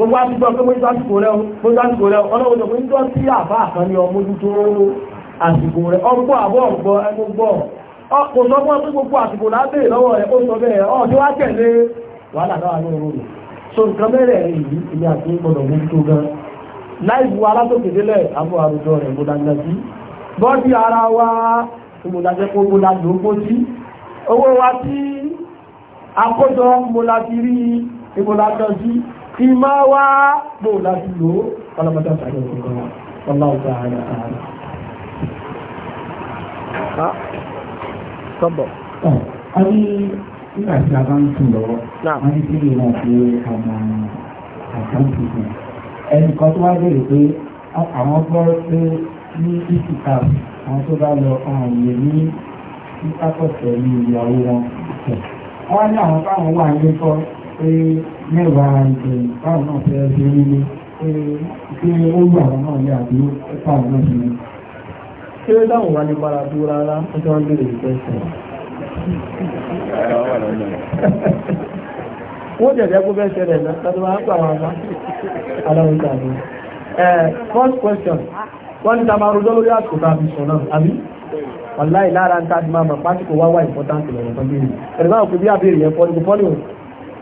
gbogbo àtúgbọ́ pé mo sásìkò rẹ̀ mo rẹ̀ ọlọ́run tó ń tọ́ sí àbá àkànní ọmọdún tó àsìkò rẹ̀ ọgbọ́ àbọ̀ ọgbọ́ ẹnu gbọ́ ọkùn sọ fún gbogbo àsìkò lábẹ́ ìlọ́wọ́ rẹ̀ ó sọ bẹ́ẹ̀ ọ̀ tí wá tẹ̀lé wàhálà náà ní oró ti máa wá bò láti lò ó ọlọ́mọdé àtàlẹ́ òkùnkùn wa ọlọ́ọ̀gá ààrẹ ààrẹ. Sọ́bọ̀. A ní nígbà tí a bá ń sùn lọ́wọ́, a ní kí lè máa fi àwọn àkáǹtì kan. Ẹnì kan tó wá béèrè pé àwọn gbọ́ pé ní ìsìkà àwọn tó bá lọ ọ̀hún ní ìpákọ̀sẹ̀ ní ìyàwó wọn. Wọ́n ní àwọn táwọn wà ní kọ́ pé mẹ́wàá ìgbè báwọn náà fẹ́ ṣe nílé pé ó yà wọn náà ní àbí ẹ̀ka àwọn náà ṣe ní. kí ló dáhùn wá ní bára tó rárá ó tí wọ́n béèrè ìfẹ́ sọ. wọ́n jẹ̀jẹ̀ kó fẹ́ ṣẹlẹ̀ náà tàbí wọ́n á pa àwọn àmọ́ aláwọ̀ ìgbà mi. first question wọ́n ní tamaro lórí àsìkò tá a fi sọ náà àbí wàláì lára ń tá a ti máa mọ̀ pásítọ̀ wá wá important lọ́wọ́ tó bí rí. ẹ̀rọ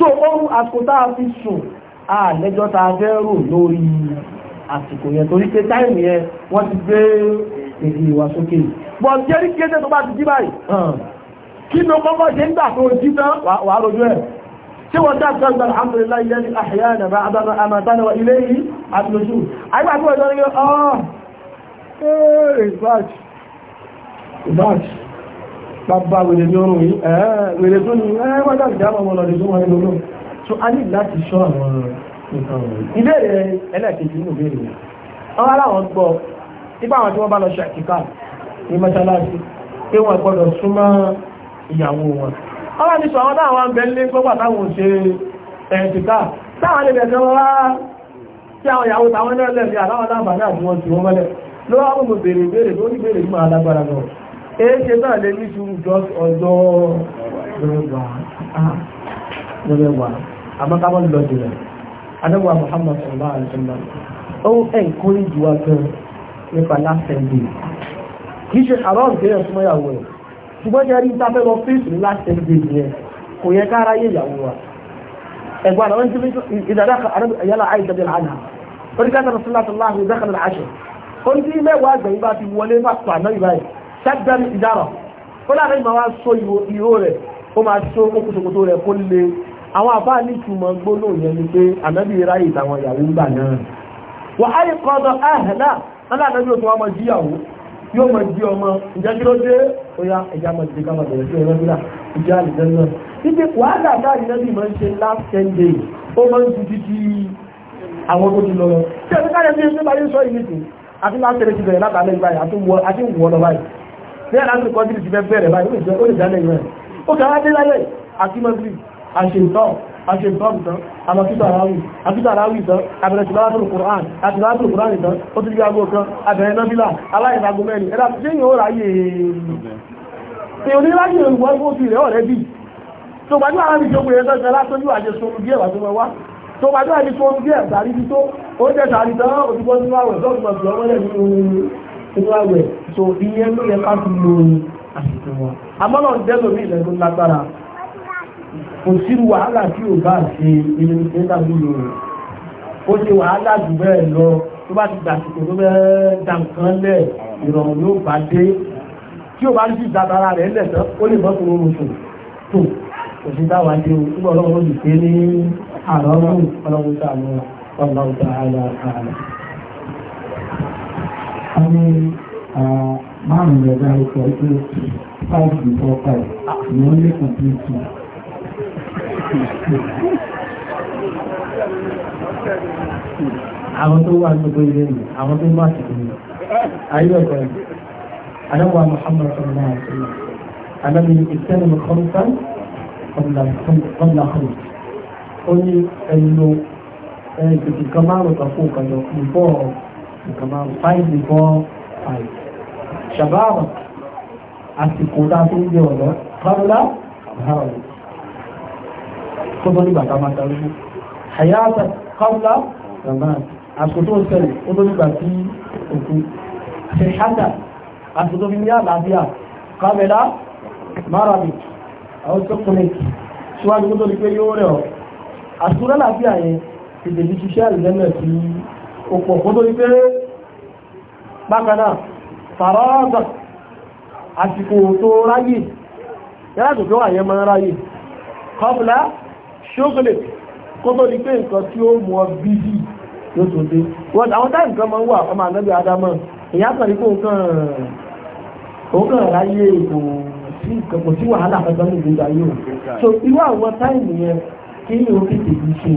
so ohun àsìkò tá a fi sùn àlẹ́jọ́ tá a fẹ́ rò lórí àsìkò yẹn torí pé táìmù yẹn wọ́n ti gbé èdè ìwà sókè bọ̀ jẹ́rí kéde tó bá ti jí báyìí kí ló kọ́kọ́ ṣe ń gbà tó jí tán wà á rojú alhamdulillah ilẹ̀ ní àṣíyá nàbà àbámà àmàtánà wà ilé yìí àtúnṣù àgbà tí wọ́n jọ ní ọ́ bàbá wèrè ní ọrùn yìí wèrè tó ní wọ́n dàbí dáàmà ọmọ lọ́dún tó wọ́n nínú náà so a ní láti ṣọ́ àwọn nǹkan wọ̀nyí. ìbéèrè ẹlẹ́ẹ̀kejì nínú ìbéèrè yìí àwọn aláwọ̀ gbọ́ nípa àwọn tí wọ́n bá lọ ṣe àkíkà ní mọ́ṣáláṣí pé wọ́n gbọ́dọ̀ súnmọ́ ìyàwó wọn. àwọn àti sọ àwọn táwọn ń bẹ ní gbọ́gbà táwọn ò ṣe ẹ̀ẹ́dìkà táwọn lè bẹ̀rẹ̀ wọn wá tí àwọn ìyàwó táwọn náà lẹ̀ ní àláwọn èéṣe náà lè ní ṣúrù ọjọ́ lọ́rẹ̀wà àmọ́kámọ́ lọ́dẹ̀ rẹ̀ adẹ́wà Muhammad sallallahu alaihi wasallam ó ẹ̀kọ́rí jùwà gan nípa lásẹ̀ndì kìí ṣe haram kí ẹ̀ súnmọ́ ìyàwó rẹ̀ ṣùgbọ́n jẹ́ rí tábẹ́ lọ fíìsì ní lásẹ̀ndì yẹn kò yẹ kára yé ìyàwó wa ẹ̀gbọ́n àwọn tí ìdàdà yálà àìsàn yálà àná oríkàtà rasulullah sallallahu alaihi wasallam gbẹ̀yìn bá ti wọlé bá pàánà ìbáyìí ṣẹ́gbẹ́rì ìdára ó láàrin ma wá so ìhó rẹ̀ ó máa so okùnṣokòtò rẹ̀ kó lè àwọn àbá ní ìtumọ̀ gbóná yẹn ni pé ànábì ráyè ìtàwọn ìyàwó ń gbà náà wà á yìí kọ́dọ̀ ẹ̀hẹ̀dá aláàdájú òtún ọmọ jíyàwó yóò mọ̀ jí ọmọ ìjẹ́ kí ló dé ó yá ẹja mọ̀ jí kámọ̀ bẹ̀rẹ̀ sí ọ̀rọ̀ nílà ìjẹ́ àlùjẹ́ náà títí wàhálà dáàrí lẹ́bí máa ń ṣe last ten days ó máa ń ju títí àwọn tó ti lọ lọ tí ẹ̀mí káyọ̀ sí ẹgbẹ́ báyé sọ ìlú àti láti rẹ̀ ti bẹ̀rẹ̀ látàlẹ́ ìgbà yìí àti wọ́ lọ báyìí bẹ́ẹ̀ láti kọ́ dìrì ti fẹ́ bẹ̀rẹ̀ báyìí ó lè jẹ́ ó lè jálẹ̀ ìwẹ̀ ó kà á dé lálẹ́ àti mọ́sílì àṣetán àṣetán tán àmàkítàráwì àkítàráwì tán àbẹ̀rẹ̀ sí láwátò kùrán àti láwátò kùrán ìtàn ó ti gbàgbó kan àbẹ̀rẹ̀ nọ́bílà aláìsàgbó mẹ́rin ẹ̀dà tí yóò ráyè èèyàn ní láyé olùwọ́ fún òfin rẹ̀ ọ̀rẹ́ bì tó gbàdúrà láti jókòó yẹn tọ́jú alátójú àjẹsọ́rù díẹ̀ wà tó mọ wá tó gbàdúrà ní tó ń bí ẹ̀ sàrí bí tó ó jẹ́ sàrí tán òtúbọ́ sínú àwẹ̀ tó gbọ̀gbọ̀ ọmọlẹ́ nínú inú àwẹ̀ tó ìyẹn ló yẹ ká fi lo àsìkò wọn amọ́nà dẹ́lò mi ìlẹ́nu lágbára kò sí wàhálà tí ò bá ṣe ilé ìṣẹ́ tàbí lò rẹ̀ ó ṣe wàhálà jù bẹ́ẹ̀ lọ tó bá ti gbàsìkò tó bẹ́ẹ̀ dà nǹkan lẹ̀ ìrọ̀rùn ló bá dé tí ò bá ń sì dábàrà rẹ̀ lẹ̀ tán ó lè mọ́tò oorun sùn tó kò sí táwa dé o nígbà ọlọ́run ó lè pé ní àrọ́rùn ọlọ́run sàánú ọlọ́run sàánú ààrẹ a ní uh, márùn-ún rẹ̀ dárúkọ pé five before five ni ó lè kọ̀m̀pútù. àwọn tó wà gbogbo ilé mi àwọn tó má sì kúrò ayé ọ̀gọ̀ ẹ̀ adáwà Muhammad sallallahu alaihi wasallam adámi ìsẹ́nu mi kọ́ńtà ọ̀nà kọ́ńtà ó ní ẹnu ẹ̀ẹ́dùkì kan márùn-ún kan fún ìkànnì ọ̀pọ̀ nǹkan máa five before five ṣàbáàmù àsìkò tá a tó ń jẹ ọ̀dọ́ kọ́nùlá àbáràn tó tó nígbà tá a máa ta lóko àyàtà kọ́nùlá ramadan àsìkò tó ń ṣẹlẹ̀ ó tó nígbà tí òkú ṣe ṣáta àsìkò tó fi ní àlàáfíà kọ́mẹ́lá márùn-ún àwọn tó kún síwájú tó ní pé yóò rẹ̀ ọ́ àsìkò lálàáfíà yẹn ti dèjì ṣiṣẹ́ àlùlẹ́mẹ̀ sí òpò fótó ní pé bákanáà fàrọ́ọ̀dọ̀ àsìkò tó ráyè yàtò tó àyẹ máa ráyè kọ́bùlá ṣókòlè kó tó ní pé nǹkan tí ó mọ̀ bíbí ló tó dé wọ́n àwọn táì nǹkan máa ń wà ọmọ ànábì adámọ̀ èyá kan ní kó nǹkan òǹkàn ráyè kò sí nǹkan kò sí wàhálà kankan ní ìgbésí ayé o so irú àwọn táìmù yẹn kí ni ó tètè yìí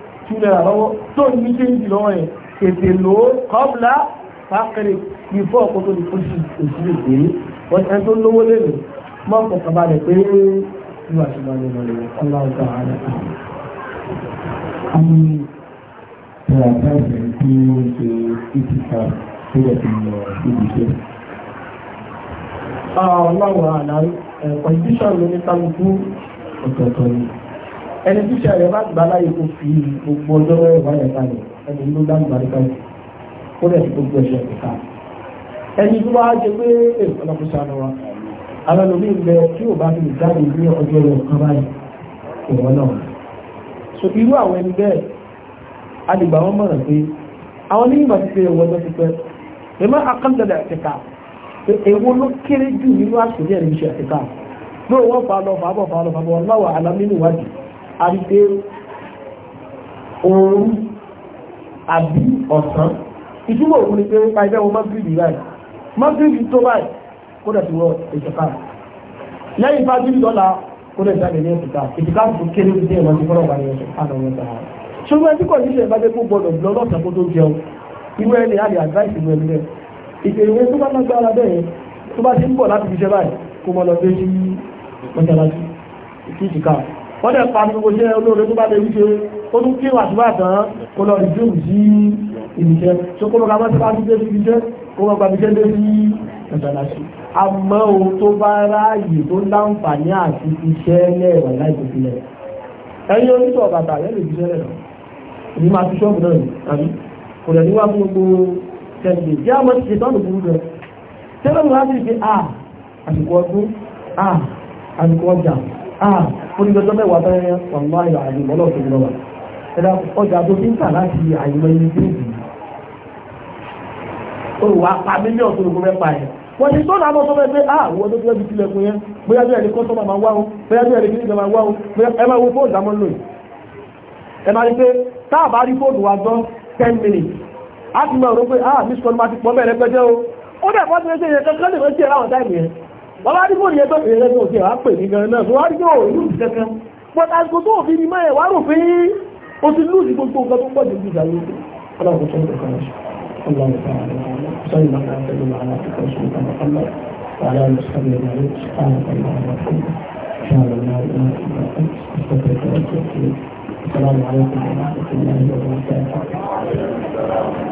two naira lọ́wọ́ tó ní change lọ́wọ́ yẹn tètè lò ó kọ́bùlà fàkìrì before kó tó di fún sí òsì lè dé wọ́n ẹni ọlọ́run tó àárẹ̀ tí a bá ìbẹ̀rẹ̀ tí ọ̀tọ̀ọ̀tọ̀ ni ẹni tí sàrẹ̀ bá gbà láyé kó fi gbogbo ọjọ́ ẹ̀wà rẹ̀ kalẹ̀ ẹni ló dá ìgbà rẹ̀ kalẹ̀ kó rẹ̀ sí gbogbo ẹ̀ṣẹ̀ kẹta ẹni tó wá jẹ pé ọlọ́kùn sànù wa àwọn ẹlòmí ìgbẹ́ tí ò bá fi jáde ní ọjọ́ rẹ̀ kan báyìí ìwọ náà so irú àwọn ẹni bẹ́ẹ̀ adìgbà wọn mọ̀ràn pé àwọn ní ìmọ̀ títẹ̀ ẹ̀wọ̀ ọjọ́ pípẹ́ èmọ́ akọ́ndọ̀dọ̀ ẹ̀kẹ́ta èwo ló kéré jù nínú àṣírí ẹ̀rí iṣẹ́ ẹ̀kẹ́ta lóòwọ́ fà lọ fà bọ̀ fà lọ fà bọ̀ láwọ̀ alámínú wájú àrígbé oòrùn àbí ọ̀sán ìtumọ̀ òun ni pé nípa ẹgbẹ́ wọn mọ́gìrìbì báyìí mọ́gìrìbì tó báyìí kó dẹ̀ ti wọ ìjọba lẹ́yìn bá bíbí lọ́la kó dẹ̀ jáde ní ìjọba ìjọba tó kéré ní ẹ̀rọ ti fọ́nà wáyé ọ̀sán àná wọn dára ṣùgbọ́n ẹbí kọ̀ọ̀dí ṣe ìbájẹ́ kó gbọdọ̀ lọ lọ́sàn kó tó jẹun ẹni àlè advice ìlú ẹni rẹ̀ ìpèrè tó bá bẹ́ẹ̀ tó bá ti ń bọ̀ láti fi báyìí kó mọ lọ wọ́n dẹ̀ pa gbogbo jẹ́ olóore tó bá lè wíṣe ó tún kí wà síbà tán kó lọ rìjú sí ìbíṣẹ́ tó kó lọ́ka mọ́tí bá ti dé sí ibiṣẹ́ kó wọ́n gbàbíṣẹ́ dé sí ìtàlásí àmọ́ o tó bá ráàyè tó láǹfààní àti iṣẹ́ lẹ́ẹ̀rọ láìpẹ́ sílẹ̀ ẹ̀yin oníṣọ̀ bàtà yẹn lè fiṣẹ́ lẹ́ẹ̀rọ èmi máa fi ṣọ́ọ̀bù náà tàbí kò lẹ̀ níwá fún gbogbo tẹ̀lé tẹ́lẹ̀ ah onígbẹ́jọ́ mẹ́wàá bẹ́ẹ̀ wọ́n máa yọ àyè mọ́lọ́ tó lọ́wọ́ ẹ̀dá ọjà tó ti ń tà láti àyèmọ́ ẹni tó dì í olùwà pa mílíọ̀nù tó lókun mẹ́pa yẹn wọ́n ti sọ́nà àmọ́ tó fẹ́ pé ah wọ́n tó fẹ́ bí tilẹ̀kùn yẹn bóyá bí ẹni kọ́sọ́mà máa wá o bóyá bí ẹni kìnìkan máa wá o ẹ máa wo fóònù àmọ́ lò ẹ máa rí pé tá a bá rí fóònù wa gbọ́ ten minutes á ti máa rò pé ah miss call máa ti pọ̀ mẹ́rẹ̀ pẹ́jẹ́ o ó dẹ̀ fọ́ bàbá dípò ìyẹn tó fi ẹlẹ́gbẹ̀ẹ́ òfin àwọn pè ní gan náà tó wá dípò ìlú ìkẹ́kẹ́ but àsìkò tó òfin ni máa ẹ̀wà rò pé ó ti lù sí gbogbo nǹkan tó pọ̀ jù ìjà yìí ọlọ́run tó ń tẹ̀kọ́ ẹ̀ṣọ́ اللهم صل على سيدنا محمد وعلى اله وصحبه محمد وعلى اله وصحبه اجمعين سبحانك اللهم وبحمدك اشهد ان لا اله الا انت استغفرك واتوب اليك السلام عليكم ورحمه الله وبركاته